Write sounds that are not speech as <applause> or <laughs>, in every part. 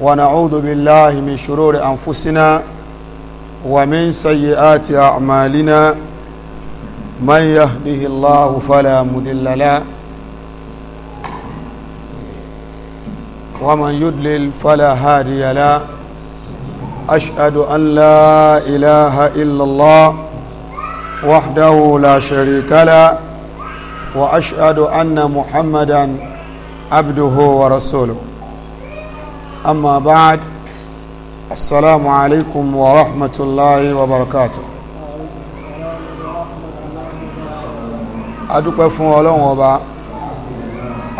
ونعوذ بالله من شرور أنفسنا ومن سيئات أعمالنا من يهده الله فلا مدل له ومن يدلل فلا هادي له أشهد أن لا إله إلا الله وحده لا شريك له وأشهد أن محمدا عبده ورسوله أما بعد السلام عليكم ورحمة الله وبركاته adúpẹ́ fún ọlọ́run ọba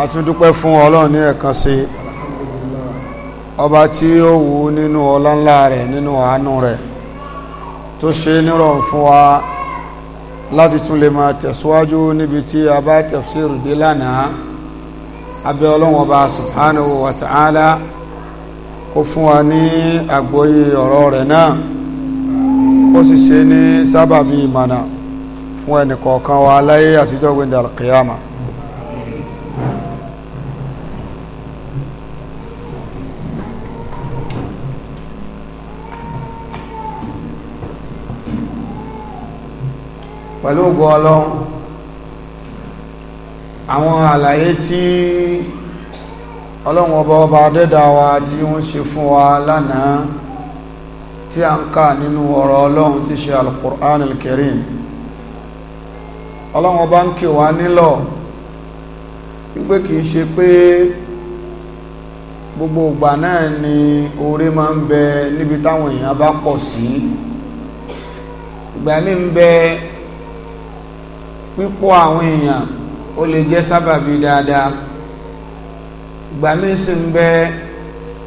atúndúpẹ́ fún ọlọ́run ní ẹ̀kan sí ọba tí ó wù nínú ọláńlá rẹ̀ nínú àánú rẹ̀ tó ṣe nírọ̀rùn fún wa láti tún lè máa tẹ̀síwájú níbi tí a bá tafsir dé lánàá abẹ́ ọlọ́run ọba subhanahu wa ta'ala kó fún wa ní àgbọ́yé ọ̀rọ̀ rẹ̀ náà kó sì ṣe ní sábàbí ìmànà fún ẹnìkọ̀ọ̀kan wa láyé àtijọ́ gbẹ̀ndẹ̀ alkiyama pẹ̀lú ògo ọlọ́run àwọn àlàyé tí ọlọ́run ọba ọba dẹ́dà wa tí wọ́n ṣe fún wa lánàá tí a ń kà nínú ọ̀rọ̀ ọlọ́run tí ṣe al-Qur'an al-Karim ọlọ́run ọba ń kè wá nílọ̀ wípé kìí ṣe pé gbogbo ìgbà náà ni oore máa ń bẹ níbi táwọn èèyàn bá pọ̀ sí ìgbà míì ń bẹ pípọ̀ àwọn èèyàn ó lè jẹ́ sábàbí dáadáa gbàmí sì ń bẹ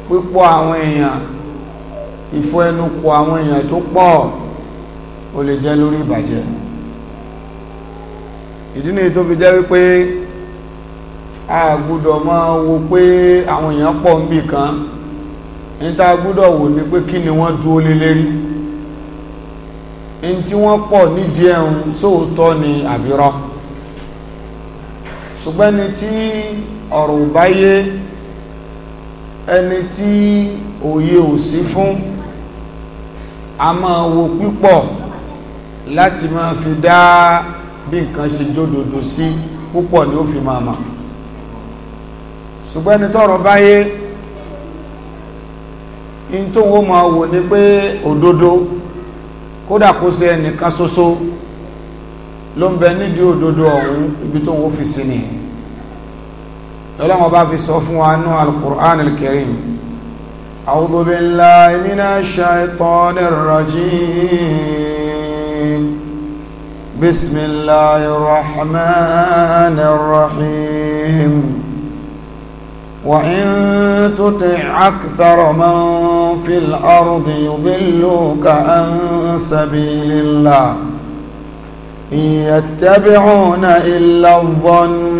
pípọ̀ àwọn èèyàn ìfọ ẹnu kò àwọn èèyàn tó pọ̀ ó lè jẹ́ lórí ìbàjẹ́ ìdí tó fi jẹ́ wípé a gbúdọ̀ máa wo pé àwọn èèyàn pọ̀ níbì kan ní tá a gbúdọ̀ wò ní pé kí ni wọ́n dúó lé lérí ní tí wọ́n pọ̀ nídìí ẹ̀hún sóòótọ́ ni àbírọ́ ṣùgbọ́n ni tí ọ̀rọ̀ ò ẹni tí òye ò sí fún a máa wo pípọ̀ láti máa fi dá bí nǹkan ṣe jódodo sí púpọ̀ ni ó fi máa mọ̀ ṣùgbọ́n ẹni tọ́rọ báyé in tó wó máa wò ní pé òdodo kódà kó ṣe ẹnìkan ṣoṣo ló ń bẹ nídìí òdodo ọ̀hún ibi tó wó fi sí nìyẹn lọ́lọ́wọ́ bá fi sọ fún wa nú al-Qur'an al-Karim a'udhu billahi minash shaitanir rajim bismillahir rahmanir rahim وإن تطع أكثر من في الأرض يضلوك عن سبيل الله إن يتبعون إلا الظن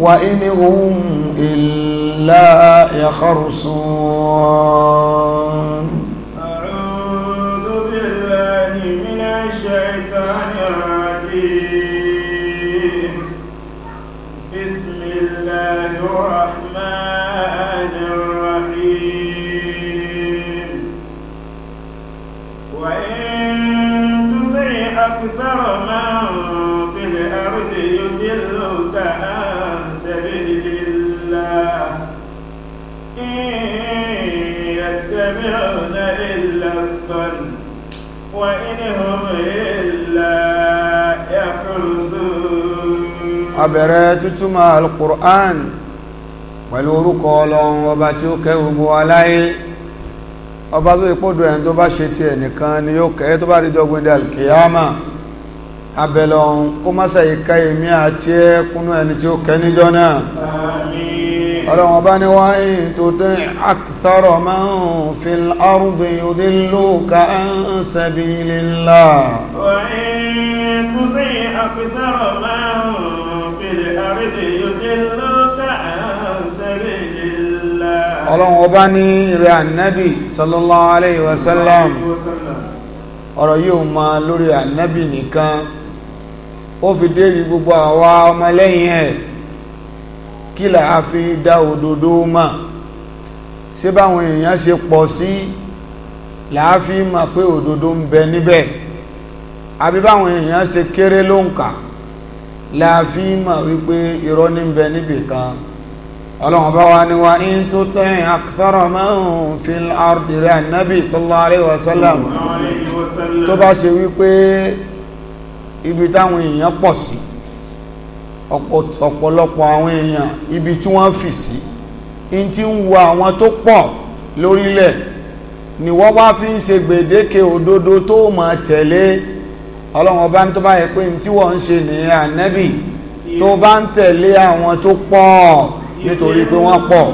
وإن هم إلا يخرصون أعوذ بالله من الشيطان الرجيم بسم الله الرحمن الرحيم وإن تطع أكثر من في الأرض يضلك عن يسمعون إلا الظن وإن هم إلا يخرصون abẹ̀rẹ̀ tútúmọ̀ alukur'an pẹ̀lú orúkọ ọlọ́run ọba tí ó kẹ́ gbogbo aláyé ọba tó ìpòdó ẹni tó bá ṣe ti ẹnìkan ni yóò kẹ́ tó bá rí dọ́gbẹ́dẹ́ alkiyama abẹ̀lọ́run kó mọ́sẹ̀ ìkẹ́ èmi àti ẹkúnú ẹni tí ó kẹ́ níjọ́ náà ọlọ́wọ́n bá ní wá in tuti' akthara man fil ardi yudilluka an sabilillah wa in tuti' akthara man fil ardi yudilluka an sabilillah ọlọ́wọ́n bá ní rẹ̀ ànábì sallallahu alayhi wa sallam ọ̀rọ̀ yóò máa lórí ànábì nìkan ó fi dérí gbogbo àwa ọmọlẹ́yìn ẹ̀ kí là á fi dá òdodo mà ṣé báwọn èèyàn ṣe pọ̀ sí làá fi mà pé òdodo ń bẹ níbẹ̀ àbí báwọn èèyàn ṣe kéré ló ń kà làá fi mà wípé irọ́ ní ń bẹ níbì kan ọlọ́run bá wa ni wa in tó tẹ́yìn akthara man fil ardi rẹ̀ ànábì sallallahu alaihi tó bá ṣe wípé ibi táwọn èèyàn pọ̀ sí ọ̀pọ̀lọpọ̀ àwọn èèyàn ibi tí wọ́n fi sí in ti ń wo àwọn tó pọ̀ lórílẹ̀ ni wọ́n wá fi ń ṣe gbèdéke òdodo tó máa tẹ̀lé ọlọ́run ọba tó bá yẹ pé in tí wọ́n ń ṣe nìyẹn ànẹ́bì tó bá ń tẹ̀lé àwọn tó pọ̀ nítorí pé wọ́n pọ̀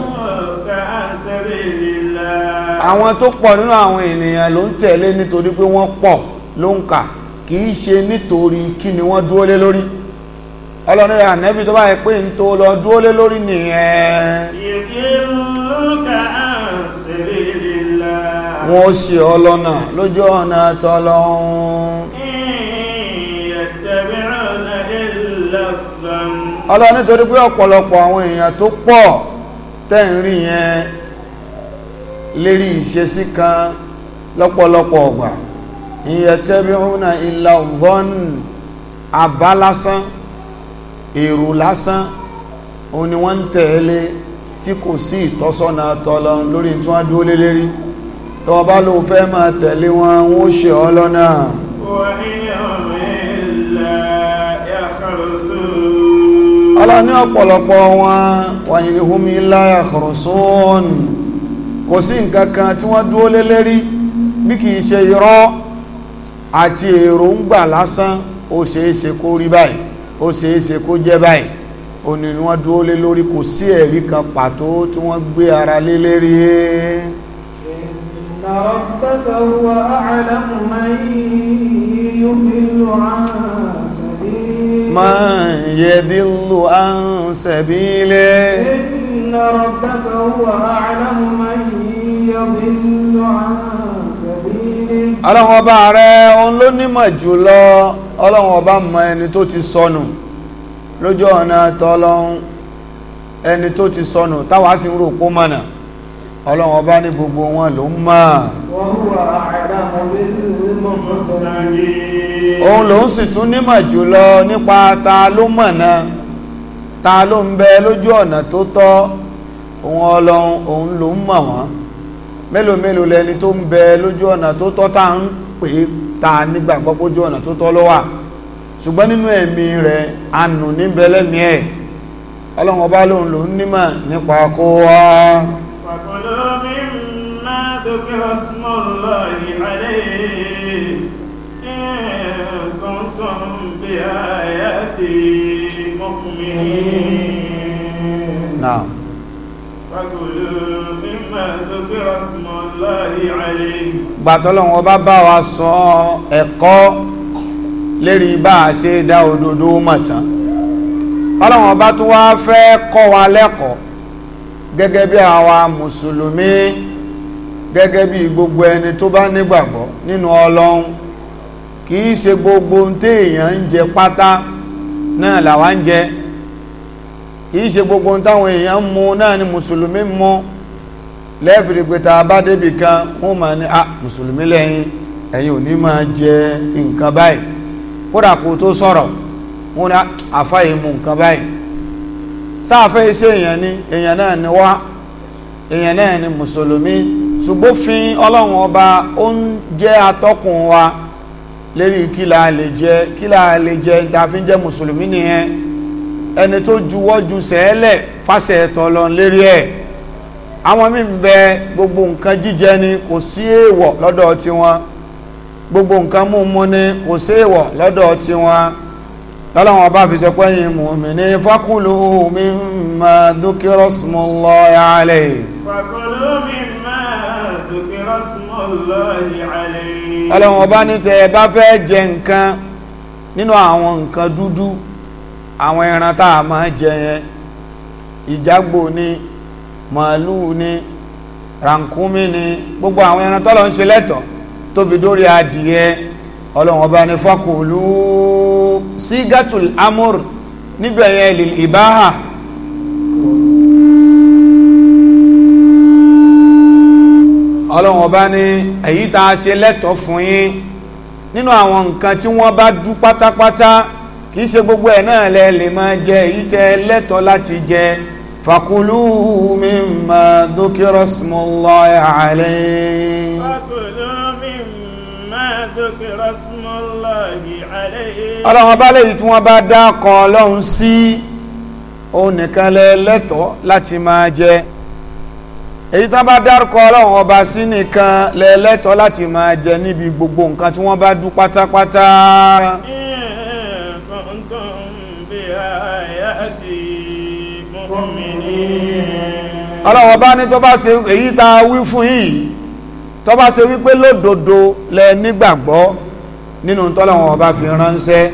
àwọn tó pọ̀ nínú àwọn ènìyàn ló ń tẹ̀lé nítorí pé wọ́n pọ̀ ló ń kà kì í ṣe nítorí kí ni wọ́n dúró lé lórí ọlọ́run rẹ̀ ànẹ́bí tó bá yẹ pé ń tó lọ dúó lé lórí nìyẹn wọ́n ó ṣe ọlọ́nà lójú ọ̀nà tọ́lọ́hún ọlọ́run nítorí pé ọ̀pọ̀lọpọ̀ àwọn èèyàn tó pọ̀ tẹ́ ń rí yẹn lérí ìṣesí kan lọ́pọ̀lọpọ̀ ọgbà ìyẹ̀tẹ́bí rúnà ìlà ọ̀vọ́n èrò lásán òun ni wọ́n ń tẹ̀lé tí kò sí ìtọ́sọ́nà tọ́lọ lórí tí wọ́n dúó lé lérí tó bá ló fẹ́ máa tẹ̀lé wọn wọ́n ṣe ọ lọ́nà ní ọ̀pọ̀lọpọ̀ wọn wàyìn ní húnmí láyà kọ̀rọ̀sún kò sí nǹkankan tí wọ́n dúó lé bí kìí ṣe irọ́ àti èròǹgbà lásán ó ṣeéṣe kó rí báyìí ó ṣeéṣe kó jẹ́ báyìí ó ní wọ́n dúró lé lórí kò sí ẹ̀rí kan pàtó tí wọ́n gbé ara lé lérí man yadillu an sabili inna rabbaka huwa a'lamu man yadillu an ọlọ́run ọba rẹ òun ló nímọ̀ jùlọ ọlọ́run ọba mọ ẹni tó ti sọnù lójú ọ̀nà tọ́lọ́run ẹni tó ti sọnù táwa sì ń rò ọba ní gbogbo wọn ló mọ̀ òun sì tún nímọ̀ jùlọ nípa ta ló mọ̀nà mélòó mélòó lẹni tó ń bẹ lójú ọ̀nà tó tọ́ tá ń pè é ta nígbàgbọ́ pójú ọ̀nà tó tọ́ ló ṣùgbọ́n nínú ẹ̀mí rẹ̀ anù níbẹ̀ lẹ́mí ẹ̀ ọlọ́run ọba lòun lòun nímọ̀ nípa kó wá. فكلوا gbàtọ́lọ́wọ́n bá bá wa sọ ẹ̀kọ́ lérí bá a ṣe dá òdodo mọ̀tán ọlọ́wọ́n bá tún wá fẹ́ kọ́ wa lẹ́kọ̀ọ́ gẹ́gẹ́ bí àwa mùsùlùmí gẹ́gẹ́ bí gbogbo ẹni tó bá nígbàgbọ́ nínú ọlọ́run kìí ṣe gbogbo téèyàn ń jẹ pátá náà làwa ń jẹ kìí ṣe gbogbo táwọn èèyàn mú náà ni mùsùlùmí mú lẹ́ẹ̀fìrí pé ta bá débì kan wọ́n máa ní a ah, mùsùlùmí lẹ́yìn ẹ̀yin ò máa jẹ nǹkan báyìí kódà kó tó sọ̀rọ̀ wọ́n ní ah, àfáyé mu nǹkan báyìí sáfẹ́ iṣẹ́ èèyàn ni èèyàn náà ni wá èèyàn náà ni mùsùlùmí ṣùgbófin ọlọ́run ọba ó ń jẹ́ atọ́kùn wa lérí kí la lè jẹ kí la lè jẹ ìtàfin jẹ́ mùsùlùmí nìyẹn ẹni tó juwọ́ ju sẹ́ẹ̀lẹ̀ fásẹ̀ ẹ̀tọ́ lọ lérí ẹ̀ àwọn míì bẹ gbogbo nǹkan jíjẹ ni kò sí èèwọ̀ lọ́dọ̀ tiwọn gbogbo nǹkan múmu ni kò sí èèwọ̀ lọ́dọ̀ tiwọn lọ́lọ́wọ́n bá fi sọ pé yín fakulu fakulu lọ́lọ́wọ́n bá ní tẹ ẹ bá fẹ́ jẹ nǹkan nínú àwọn nǹkan dúdú àwọn tá a màálù ni rànkúmí ni gbogbo àwọn ẹran tọ́lọ̀ ń ṣe lẹ́tọ̀ tóbi dórí adìyẹ ọlọ́run ọba ní fakulu sigatul amur níbẹ̀ yẹn lil ibaha ọlọ́run ọba ní èyí tá a ṣe lẹ́tọ̀ fún yín nínú àwọn nǹkan tí wọ́n bá dú pátápátá kì í ṣe gbogbo ẹ̀ náà lẹ lè máa jẹ èyí tẹ́ lẹ́tọ̀ láti jẹ فكلوا مما ذكر اسم الله عليه فكلوا مما ذكر اسم الله عليه ọlọ́run ọba lẹ́yìn tí wọ́n bá dá kan ọlọ́run sí òun nìkan lẹ lẹ́tọ̀ọ́ láti máa jẹ èyí tán bá dárúkọ ọlọ́run ọba sí nìkan lẹ láti máa jẹ níbi gbogbo nǹkan tí wọ́n bá dú pátápátá. ọlọ́wọ́ bá ní tó bá ṣe èyí tá a wí fún yìí tó bá ṣe wípé lódodo lẹ nígbàgbọ́ nínú tọ́lọ́wọ́n ọba fi ránṣẹ́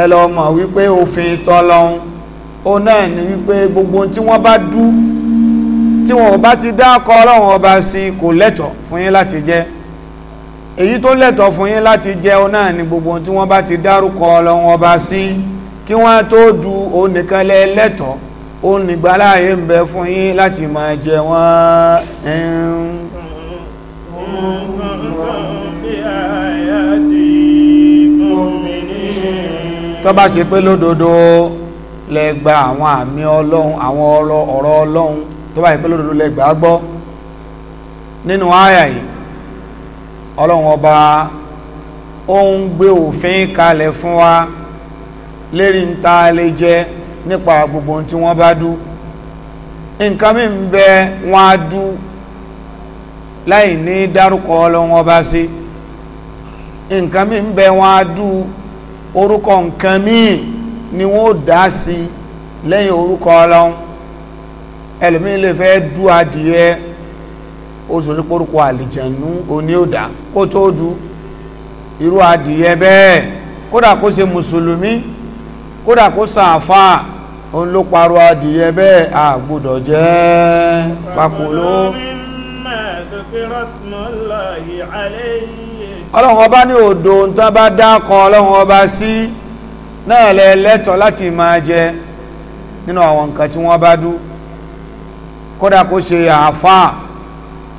ẹ lọ mọ̀ wípé òfin tọ́lọ́hún ó náà ní wípé gbogbo tí wọ́n bá dú tí wọn bá ti dá kọ ọlọ́wọ́n ọba sí kò lẹ́tọ̀ fún yín láti jẹ èyí tó lẹ́tọ̀ fún yín láti jẹ ọ náà ni gbogbo tí wọ́n bá ti dárúkọ ọlọ́wọ́n ọba sí kí wọ́n tó du òun nìkan lẹ́ẹ̀lẹ́tọ̀ọ́ ó nígbà láàyè ń bẹ fún yín láti máa jẹ wọ́n tó bá ṣe pé lódodo lẹ gba àwọn àmì ọlọ́run àwọn ọ̀rọ̀ ọlọ́run tó bá ṣe pé lódodo lẹ gbọ́ nínú àyà yìí ọlọ́run ọba ó ń gbé òfin kalẹ̀ fún wa lérí ń ta lè jẹ́ nípa gbogbo ohun tí wọ́n bá dú nǹkan mi ń bẹ wọn á dú láì ní dárúkọ ọlọ́wọ́n bá sí nǹkan mi ń bẹ wọn á dú orúkọ nǹkan míì ni wọ́n dá sí lẹ́yìn orúkọ ọlọ́wọ́n ẹlòmíín lè fẹ́ dú adìyẹ oṣù tó porúkọ àlìjẹ̀nú oní òdà kó tó dú irú adìyẹ bẹ́ẹ̀ kódà kó ṣe mùsùlùmí kódà kó ṣàfáà òun ló parọ́ adìyẹ bẹ́ẹ̀ àgbọ́dọ̀ jẹ́ fakolo. ọlọ́run ọba ní odò tán bá dákọ ọlọ́run ọba sí náà lẹ lẹ́tọ̀ọ́ láti máa jẹ nínú àwọn nǹkan tí wọ́n bá dú kódà kó ṣe àáfàá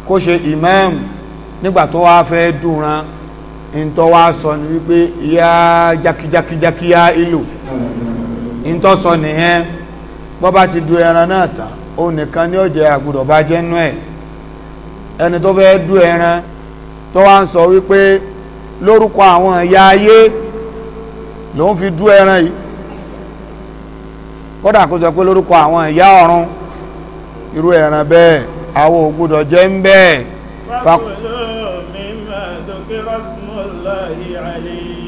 kó ṣe imam nígbà tó wá fẹ́ dùnran ntọ́ wá sọ ni wípé ìyá jákijákijákiyá ìlú. Mm -hmm. ntọ́sọ nìyẹn bọ́ bá ti du ẹran náà taa ó nìkan ní ọ̀jẹ̀ àgùdọ̀ bá jẹ́ nú ẹ̀ ẹni tó fẹ́ du ẹran tó wá ń sọ wípé lórúkọ àwọn ẹ̀yà ayé ló fi du ẹran yìí kódà kó sọ pé lórúkọ àwọn ẹ̀yà ọ̀run irú ẹran bẹ́ẹ̀ àwọn jẹ́ ń bẹ́ẹ̀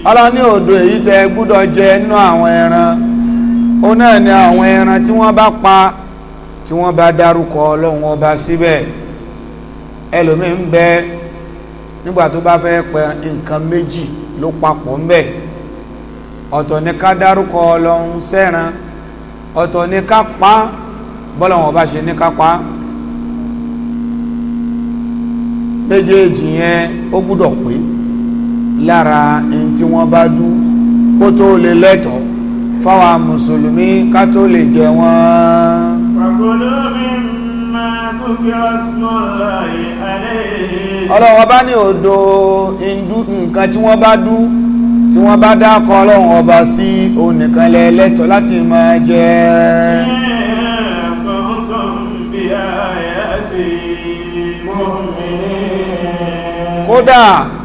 ọlọ́ni odò èyí tẹ jẹ nínú àwọn ẹran ó náà ni àwọn ẹran tí wọ́n bá pa tí wọ́n bá dárúkọ ọlọ́run ọba síbẹ̀ ẹlòmíì ń bẹ nígbà tó bá fẹ́ pẹ nǹkan méjì ló papọ̀ ń bẹ ọ̀tọ̀ ni ká dárúkọ ọlọ́run sẹ́ran ọ̀tọ̀ ni ká pa bọ́lọ́wọ́n ọba ṣe ní ká pa méjèèjì yẹn ó gbúdọ̀ pé lára ẹni tí wọ́n bá dú kó tó lè lẹ́tọ̀ọ́ fáwa mùsùlùmí ká tó lè jẹ wọ́n. ọlọ́wọ́ bá ní odò indú nǹkan tí wọ́n bá dú tí wọ́n bá dákọ̀ ọlọ́run ọba sí onìkan lẹ́lẹ́tọ̀ láti máa jẹ. kódà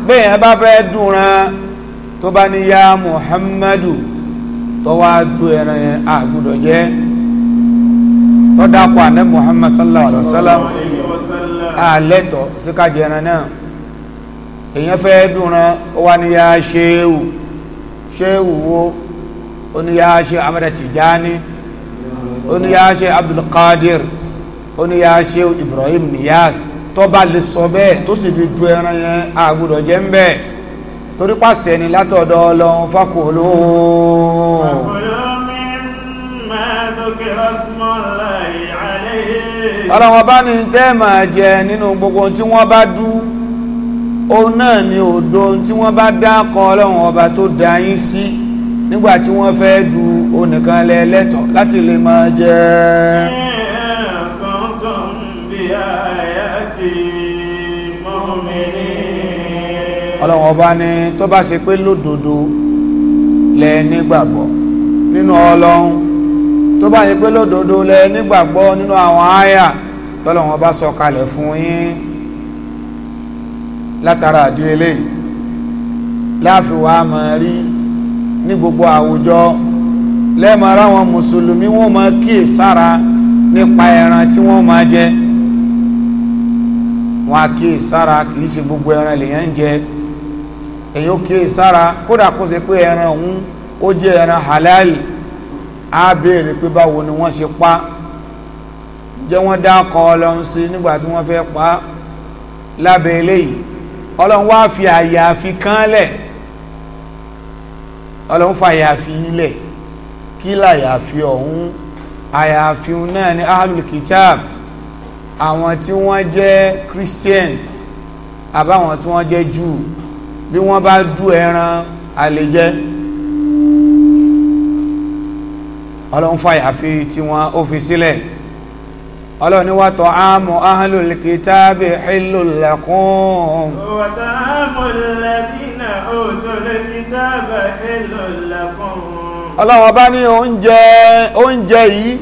bẹ́ẹ̀ bá fẹ́ dùn rán tó bá ní Muhammadu tọ́wọ́ adú ẹran yẹn a gbọ́dọ̀ jẹ́ tọ́dàpọ̀ àná Muhammad sallallahu alayhi wa sallam àlẹ́tọ̀ síkàjẹ́ ẹran náà èyàn fẹ́ dùnran ó wá ní ya ṣéwù ṣéwù wo ó ní ya ṣe Amada Tijani ó ní ṣe Abdulkadir ó ní ṣe Ibrahim Niyas tó bá lè sọ bẹ́ẹ̀ tó sì fi du ẹran yẹn àgùdọ̀ jẹ́ ń bẹ́ẹ̀ torí pàṣẹ ni látọ̀dọ̀ ọlọ́run fákòóló ọlọ́wọ́n bá ní tẹ́ máa jẹ nínú gbogbo tí wọ́n bá dú òun náà ni òdo tí wọ́n bá dákan ọlọ́run ọba tó dá yín sí nígbà tí wọ́n fẹ́ du onìkan lẹ́lẹ́tọ̀ láti lè máa jẹ ẹ́ ọlọ́run ọba ní tó bá ṣe pé lódodo lẹ nígbàgbọ́ nínú ọlọ́run tó bá ṣe pé lódodo lẹ nígbàgbọ́ nínú àwọn àyà tọ́lọ́run ọba sọ kalẹ̀ fún yín látara àdí eléyìí láàfin rí ní gbogbo àwùjọ lẹ́ẹ̀mọ wọn mùsùlùmí wọn máa kíyè sára nípa ẹran tí wọ́n máa jẹ wọn á kíyè sára kì í ṣe gbogbo ẹran lèèyàn ń jẹ èyí ó kíyè sára kódà kó ṣe pé ẹran òun ó jẹ́ ẹran halal á béèrè pé báwo ni wọ́n ṣe pa jẹ́ wọ́n dá kọ́ ọlọ́run sí nígbà tí wọ́n fẹ́ pa lábẹ́ eléyìí ọlọ́run wá fi àyàfi kánlẹ̀ ọlọ́run fa àyàfi ilẹ̀ kí làyàfi ọ̀hún àyàfi náà ni ahlul kitab àwọn tí wọ́n jẹ́ christian àbáwọn tí wọ́n jẹ́ jew bí wọ́n bá dú ẹran a lè jẹ ọlọ́run fàyà fi tí wọ́n ó fi sílẹ̀ ọlọ́run ni wàtọ̀ àmọ́ ahlul kitabi hillul lakum. wàtọ̀ àmọ́ alladhina utul kitaba hillul lakum. ọlọ́run ọba ní oúnjẹ oúnjẹ yìí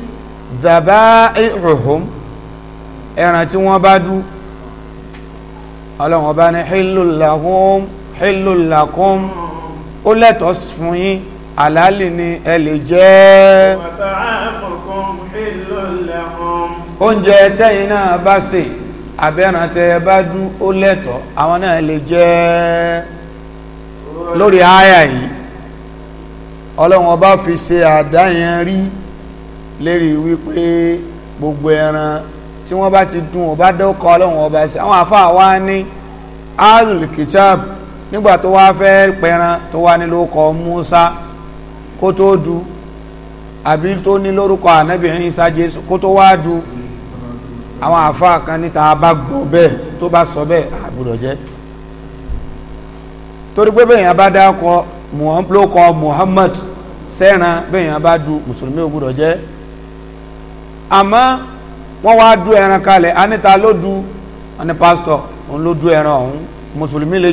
dhaba'ihuhum ẹran tí wọ́n bá dú ọlọ́run ọba ní hillul lakum hillul lakum ó lẹ́tọ̀ọ́ fún yín àlálì ni ẹ lè jẹ́ oúnjẹ tẹ́yìn náà bá sè àbẹ́ràn tẹ́ bá dú ó lẹ́tọ̀ọ́ àwọn náà lè jẹ́ lórí àyà yìí ọlọ́run ọba fi ṣe àdáyẹn rí lérí wípé gbogbo ẹran tí wọ́n bá ti dùn ọba dọ́kọ ọlọ́run ọba sí àwọn àfáà wá ní alul nígbà tó wá fẹ́ pẹran tó wá ní lórúkọ Musa kó tó du àbí tó ní lórúkọ ànábì isa Jésù kó tó wá du àwọn àfa kan níta bá gbọ́ bẹ́ẹ̀ tó bá sọ bẹ́ẹ̀ àbúrò jẹ́ torí pé bẹ́ẹ̀ yẹn bá dákọ Muhammad sẹ́ran bẹ́ẹ̀ yẹn du mùsùlùmí ògbúdọ̀ jẹ́ àmọ́ wọ́n wá du ẹran anita ló du ọ̀nà pásítọ̀ òun ló du ẹran ọ̀hún mùsùlùmí lè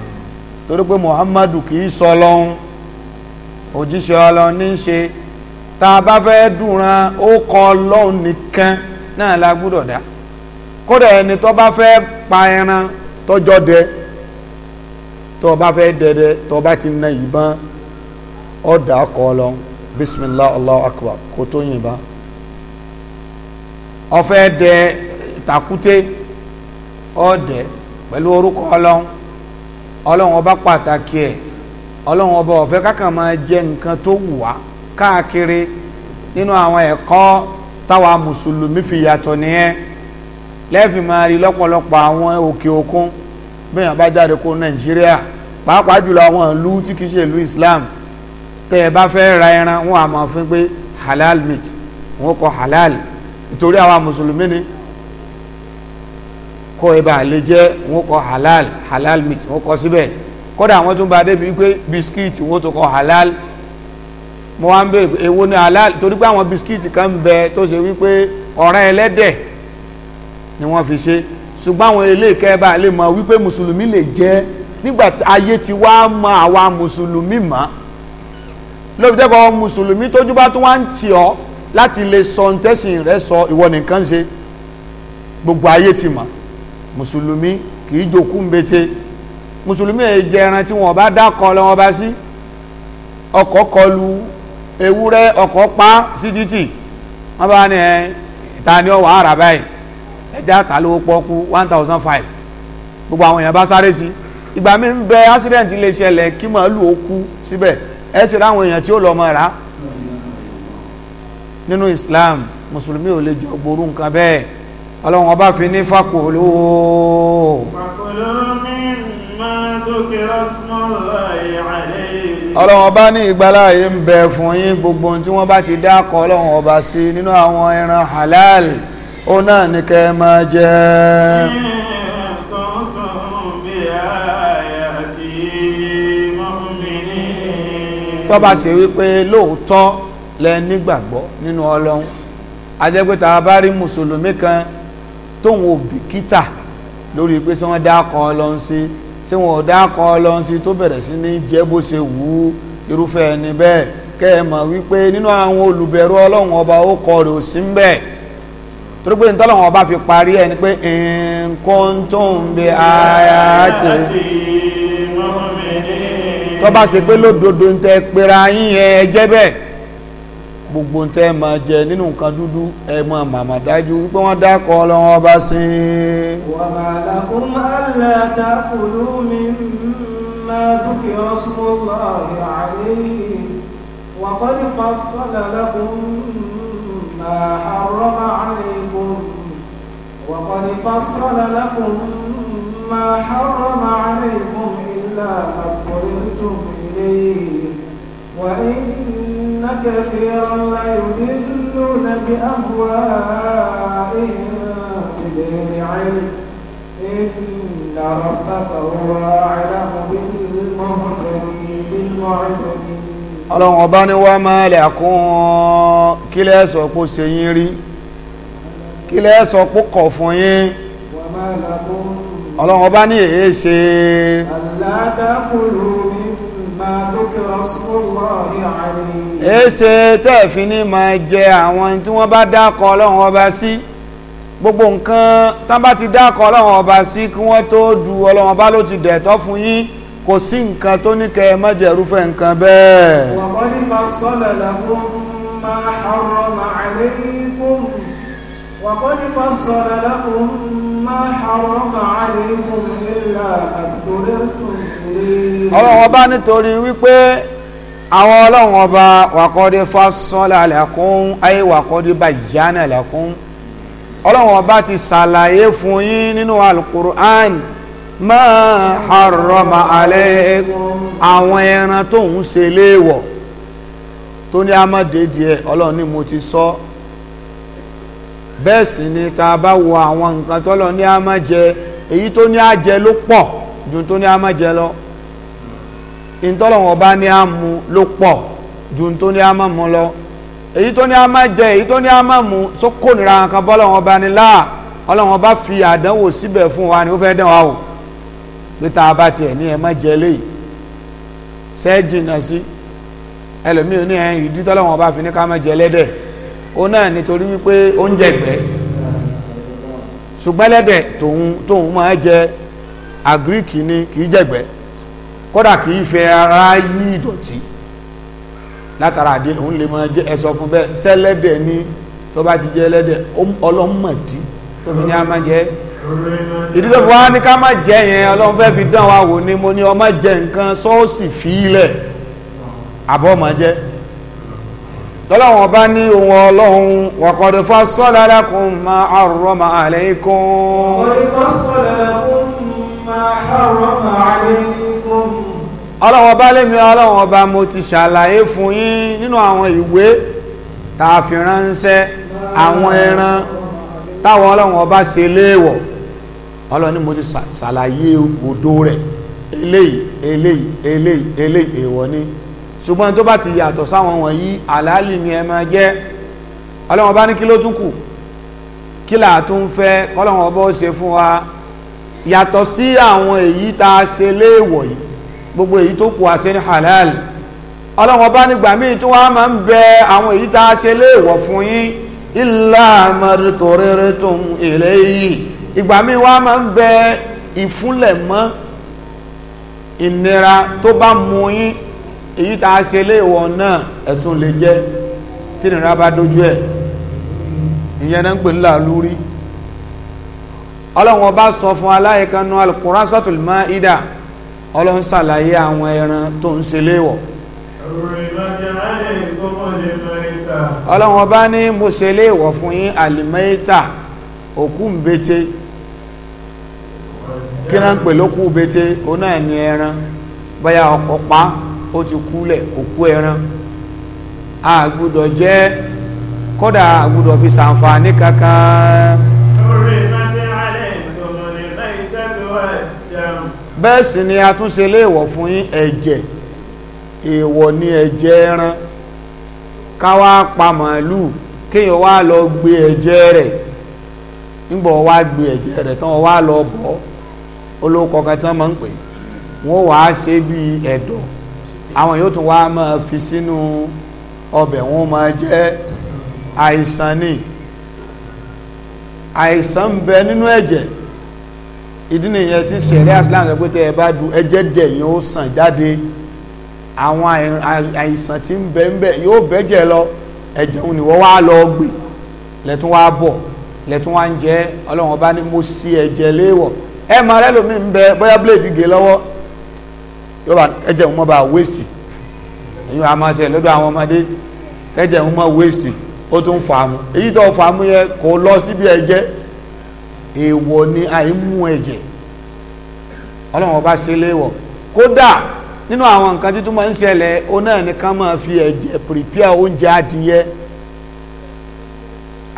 torí pé muhammadu kì í sọ lọ́hún òjíṣẹ́ ọlọ́run ní í ṣe tá a bá fẹ́ dùnran ó kọ ọlọ́run nìkan náà la gbúdọ̀ dá kódà ẹni tó bá fẹ́ pa ẹran dẹ o bá fẹ́ dẹdẹ tó bá ti na ìbọn bisimilah allahu akbar tó yìnbọn dẹ pẹ̀lú orúkọ ọlọ́run ọba pàtàkì ẹ̀ ọlọ́run ọba ọ̀fẹ́ kákan máa jẹ nǹkan tó wù wá káàkiri nínú àwọn ẹ̀kọ́ táwa mùsùlùmí fi yàtọ̀ nìyẹn lẹ́ẹ̀fì máa rí lọ́pọ̀lọpọ̀ àwọn òkè òkun bẹ́ẹ̀ yàn bá jáde kó nàìjíríà pàápàá jùlọ àwọn ìlú tí kìí ṣe ìlú islam tẹ́ ẹ bá fẹ́ ra ẹran wọn àmọ́ fún pé halal meat wọn kọ halal nítorí àwa mùsùlùmí ni kó ibà lè jẹ́ wọ́n kọ halal halal meat wọ́n kọ síbẹ̀ kódà wọ́n tún bá a débi wípé bisikíìtì wọ́n tó kọ halal mo wá ń bèrè èwo ni halal torí pé àwọn bisikíìtì kan ń bẹ tó ṣe wípé ọ̀rẹ́ ẹlẹ́dẹ̀ ni wọ́n fi ṣe ṣùgbọ́n àwọn eléèkẹ́ bá a lè mọ wípé mùsùlùmí lè jẹ́ nígbà ayé ti wá mọ àwa mùsùlùmí mọ́ lóbi jẹ́ kọ́ mùsùlùmí tójú bá tún wá ń tì ọ́ láti lè sọ ntẹ́sìn rẹ sọ ìwọ nìkan ṣe gbogbo ayé ti mọ̀ mùsùlùmí kìí jòkú ń bete mùsùlùmí èyí jẹ ẹran tí wọn bá dákọ lọ́wọ́ bá sí ọkọ̀ kọlu ewúrẹ́ ọkọ̀ pa sí títì bá ní ẹ ìta ni ọwọ́ ara báyìí ẹja ta one thousand five gbogbo àwọn èèyàn bá sáré sí ìgbà mi ń bẹ accident lè ṣẹlẹ̀ kí màálù ó kú síbẹ̀ ẹ sì ráwọn èèyàn tí ó lọ́ọ́ mọ̀ rà nínú Islam mùsùlùmí ò lè jọ gboru nǹkan bẹ́ẹ̀ ọlọ́run ọba fi ní fàkòló ọlọ́run ọba ní ìgbàláyé ń bẹ fún yín gbogbo tí wọ́n bá ti dákọ̀ ọlọ́run ọba sí nínú àwọn ẹran halal ó náà ní kẹ́ máa jẹ tó bá ṣe wípé lóòótọ́ lẹ nígbàgbọ́ nínú ọlọ́run ajẹ́pẹ́ta bá rí mùsùlùmí kan tóun ò bìkítà lórí pé tí wọ́n dákọ̀ ọlọ́run sí tí wọ́n dákọ̀ ọlọ́run sí tó bẹ̀rẹ̀ sí ní jẹ́ bó ṣe wù ú irúfẹ́ ẹni bẹ́ẹ̀ kẹ́ ẹ mọ̀ wípé nínú àwọn olùbẹ̀rù ọlọ́run ọba ó kọ rò sí ń bẹ̀ torí pé ntọ́lọ́run ọba fi parí ẹni pé nǹkan tó ń bẹ ara ti tọ́ ṣe pé lódodo ń tẹ pera yín ẹ jẹ́ bẹ́ẹ̀ gbogbo tẹ́ máa jẹ nínú nǹkan dúdú ẹ mọ màmá dájú pé wọ́n dákọ̀ ọlọ́run ọba sí i. wa ma lakum alla ta'kulu mimma dhukira ismullahi alayhi wa qad fassala lakum ma harrama alaykum wa qad fassala lakum ma harrama alaykum illa ma dhkurtum ilayhi wa in كثيرا ليضلون بأهوائهم بغير علم إن ربك هو أعلم بالمهتدين بالمعتدين ọlọ́run ọba ní wá máa lè àkún kí lẹ́ẹ̀sọ̀ pò ṣe yín rí kí lẹ́ẹ̀sọ̀ pò kọ̀ fún yín ọlọ́run ọba ní èé ṣe aláàdákùnrin èsè tẹ́ẹ̀fín ní máa jẹ àwọn tí wọ́n bá dákọ̀ ọlọ́run ọba sí gbogbo nǹkan tán bá ti dákọ̀ ọlọ́run ọba sí kí wọ́n tó du ọlọ́run ọba ló ti dẹ̀tọ́ fún yín kò sí nǹkan tó ní kẹ́ ẹ irúfẹ́ nǹkan bẹ́ẹ̀. wọ́n ní fa sọ́lẹ̀ làwọn máa harrama alaykum وقد فصل لكم ما حرم عليكم إلا أن تلقتم ọlọ́run ọba nítorí wípé àwọn ọlọ́run ọba wàkọ́dé fásọ́lá lẹ́kún ayé wàkọ́dé bàyánà lẹ́kún ọlọ́run ọba ti ṣàlàyé fún yín nínú alukur'an máa harọ́mà alẹ́ àwọn ẹran tó ń ṣe léèwọ̀ tó ní amádeèdì ẹ ọlọ́run ni mo ti sọ bẹ́ẹ̀ sì ni tá a bá wo àwọn nǹkan tọ́lọ́ ní amájẹ èyí tó ní àjẹ ló pọ̀ ju tó ní amájẹ lọ ìtọ́lọ̀wọ̀n ọba ní á mu ló pọ̀ ju tó ní á mọ̀ mu lọ èyí tó ní á má jẹ èyí tó ní á má mu sókònira kan bọ́lọ̀wọ̀n ọba ní láà ọlọ́wọ̀n ọba fi àdánwò síbẹ̀ fún wa ni ó fẹ́ dán wa o pé tá a bá tiẹ̀ ní ẹ má jẹ léyìí ṣẹ́ jìnnà sí ẹlòmíràn ní ẹ̀yìn ìdí tọ́lọ́wọ̀n ọba fi ní ká má jẹ lẹ́dẹ̀ ó náà nítorí wípé oúnjẹ gbẹ́ ṣùgbọ́n lẹ́dẹ̀ tòun tóun máa jẹ àgíríkì ni kì í jẹ̀gbẹ́ kódà kì í fẹ́ ara yí ìdọ̀tí látara àdé òun lè máa jẹ ẹsọ fún bẹ́ẹ̀ sẹ́lẹ́dẹ̀ ni tó bá ti jẹ ẹlẹ́dẹ̀ ọlọ́mọdì tó fi ní a máa jẹ ìdí tó fi wá ní ká má jẹ yẹn ọlọ́run fẹ́ fi dán wa wò ni mo ní ọmọ jẹ nǹkan sọ́ọ̀sì fílẹ̀ àbọ̀ máa jẹ tọ́lọ́wọ́n bá ní ohun ọlọ́run wọ̀kọ̀dọ̀ fásọ́lá lákùn ma àrọ́mà àlẹ́ikún ọlọ́wọ́n bá lémi ọlọ́wọ́n bá mo ti ṣàlàyé fún yín nínú àwọn ìwé tá a fi ránṣẹ́ àwọn ẹran táwọn ọlọ́wọ́n bá ṣe léèwọ̀ ọlọ́ni mo ti ṣàlàyé odó rẹ̀ eléyìí eléyìí eléyìí eléyìí èèwọ̀ ni ṣùgbọ́n tó bá ti yàtọ̀ sáwọn wọ̀nyí àlàálì ni ẹ máa jẹ́ ọlọ́wọ́n bá ní kí ló tún kù kí là á tún fẹ́ kọ́lọ́wọ́n bó ṣe fún wa yàtọ̀ sí àwọn èyí tá a ṣe léèwọ̀ yìí gbogbo èyí tó kù àṣẹ ní halal ọlọ́run ọba nígbà míì tó wá máa ń bẹ àwọn èyí tá a ṣe léèwọ̀ fún yín illa martoritum ilayhi ìgbà míì wá máa ń bẹ ìfúnlẹ̀ mọ́ ìnira tó bá mú yín èyí tá a ṣe léèwọ̀ náà ẹ̀tún lè jẹ́ tí ìnira bá dojú ẹ̀ ìyẹn náà ń pè ńlá lórí ọlọ́run ọba sọ fún aláìkanu al-Qur'an suratul ọlọ́run ṣàlàyé àwọn ẹran tó ń ṣe léwọ̀ ọlọ́run ọba ní mo ṣe léwọ̀ fún yí àlìmẹ́ta òkú kí náà ń pè lókú mbete ó náà ní ẹran ọkọ̀ pa ó ti kúlẹ̀ òkú ẹran bẹ́ẹ̀ sì ni a tún ṣe léèwọ̀ fún yín ẹ̀jẹ̀ èèwọ̀ ni ẹ̀jẹ̀ ẹran káwá pa màálù kéèyàn wá lọ gbé ẹ̀jẹ̀ rẹ̀ nígbà wá gbé ẹ̀jẹ̀ rẹ̀ tán wá lọ bọ́ olóko tán máa ń pè wọ́n wàá ṣe bíi ẹ̀dọ̀ àwọn yóò tún wá máa fi sínú ọbẹ̀ wọn máa jẹ́ ni àìsàn ń bẹ nínú ìdí nìyẹn tí sẹ̀rí Islam sọ pé tẹ́ ẹ bá du ẹ̀jẹ̀ dẹ̀yìn ó sàn jáde àwọn àìsàn tí ń bẹ ń bẹ yóò bẹ́jẹ̀ lọ ẹ̀jẹ̀ òun ni wọ́n wá lọ gbè lẹ́tún wá bọ̀ lẹ́tún wá ń jẹ́ ọlọ́run ọba ni mo si ẹ̀jẹ̀ léèwọ̀ ẹ máa rẹ́ lómi ń bẹ bóyá blade gé lọ́wọ́ yóò bá ẹ̀jẹ̀ òun mọ́ bá waste ẹ̀yin àmọ́ ṣe lọ́dọ̀ àwọn ọmọdé ẹ̀jẹ̀ òun mọ́ waste ó tún fàámu èyí tó fàámu yẹ kò lọ síbi ẹ̀jẹ̀ èèwọ̀ ni àìmú ẹ̀jẹ̀ ọlọ́run ọba ṣe léèwọ̀ kódà nínú àwọn nǹkan títún máa ń ṣẹlẹ̀ ó náà nìkan máa fi ẹ̀jẹ̀ pìrìpìà oúnjẹ adìyẹ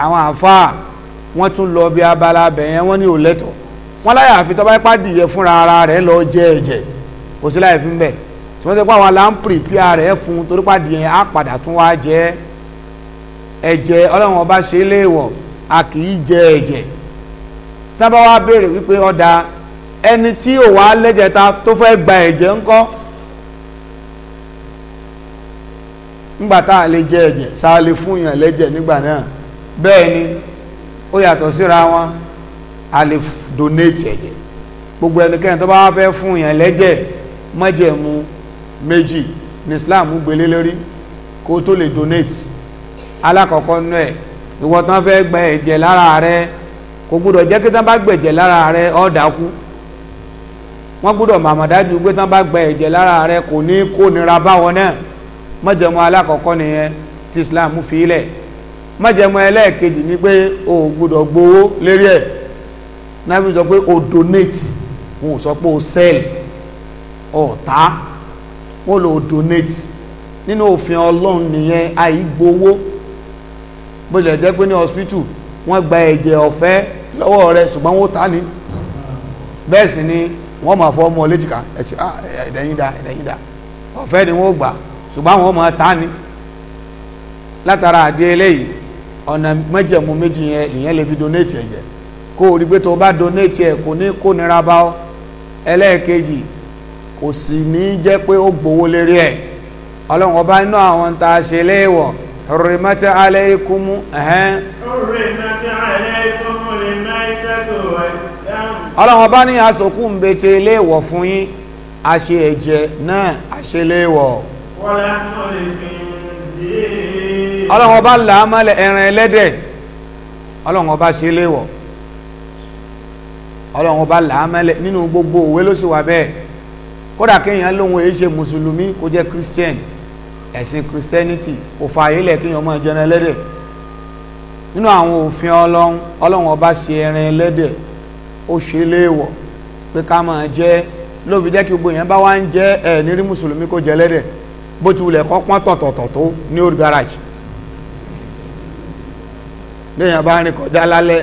àwọn àfáà wọ́n tún lọ bí abala bẹ̀yẹn wọ́n ní ò lẹ́tọ̀ wọ́n láyà àfi tọ́ bá ipá dìyẹ fúnra ara rẹ̀ lọ jẹ ẹ̀jẹ̀ kò sí láì fi ń bẹ̀ sọ́wọ́n ti pa àwọn aláǹpìrì pí ààrẹ fún torí pàdé yẹn á padà tún wá jẹ ẹ̀jẹ̀ ọlọ́run ọba ṣe léèwọ̀ a kì í jẹ ẹ̀jẹ̀ tábà wá béèrè wípé ọ̀dà ẹni tí ò wá lẹ́jẹ̀ta tó fẹ́ gba ẹ̀jẹ̀ ńkọ́ nígbà tá a lè jẹ ẹ̀jẹ̀ sáà lè fún yàn lẹ́jẹ̀ nígbà náà bẹ́ẹ̀ ni ó yàtọ̀ síra wọn a lè donate ẹ̀jẹ̀ gbogbo ẹnikẹ́ni tó bá fẹ́ fún yàn lẹ́jẹ̀ májẹ̀mú méjì ní Islam gbélé lórí kó tó lè donate alákọ̀ọ́kọ́ nú ẹ̀ ìwọ tán fẹ́ gba ẹ̀jẹ̀ lára rẹ̀ kò gbúdọ̀ jẹ́ kí tán bá gbẹ̀jẹ̀ lára rẹ ó dákú wọ́n gbúdọ̀ màmá dájú pé tán bá gba lára rẹ kò ní kó nira báwọn náà májẹ̀mú alákọ̀ọ́kọ́ nìyẹn tí Islam fi ilẹ̀ ẹlẹ́ẹ̀kejì ni pé o gbúdọ̀ gbowó lérí ẹ̀ náà nìyẹn àìgbowó bó tilẹ̀ jẹ́ pé ní wọ́n gba ẹ̀jẹ̀ ọ̀fẹ́ lọ́wọ́ rẹ̀ ṣùgbọ́n wọ́n ta ni bẹ́ẹ̀ sì ni wọ́n máa fọ ọmọ létìká ẹ̀sìn ah, ẹ̀dẹ̀yìn da ẹ̀dẹ̀yìn da ọ̀fẹ́ ni wọ́n gbà ṣùgbọ́n wọ́n máa ta ni látara àdé eléyìí ọ̀nà mẹ́jẹ̀mú méjì yẹn nìyẹn lè fi donate ẹ̀jẹ̀ kó o rí pé tó o bá donate ẹ̀ kò ní kó nira bá ọ ẹlẹ́ẹ̀kejì kò sì ní jẹ́ pé ó gbowó lérí ẹ̀ ọlọ́run ọba inú àwọn ṣe léèwọ̀ ẹ̀hẹ́n. ọlọ́run ọba ní asòkú ń bete léèwọ̀ fún yín a ṣe ẹ̀jẹ̀ náà a ṣe léèwọ̀ ọlọ́run ọba là á mọ́lẹ̀ ẹran ẹlẹ́dẹ̀ ọlọ́run ọba ṣe léèwọ̀ ọlọ́run ọba là á mọ́lẹ̀ nínú gbogbo òwe ló sì wà bẹ́ẹ̀ kódà kéèyàn lóhun èyí ṣe mùsùlùmí kó jẹ́ christian ẹ̀sìn christianity kò fààyè lẹ̀ kéèyàn máa jẹran ẹlẹ́dẹ̀ nínú àwọn òfin ọlọ́run ọlọ́run ọba ṣe ẹran ẹlẹ́dẹ̀ ó ṣe léèwọ̀ pé ká máa jẹ́ lóbi jẹ́ kí gbogbo èèyàn bá wá ń jẹ́ ẹ̀ nírí mùsùlùmí kó jẹ lẹ́dẹ̀ bó ti wulẹ̀ kọ́ pọ́n tọ̀tọ̀tọ̀ tó ní old garage bá rìn kọjá lálẹ́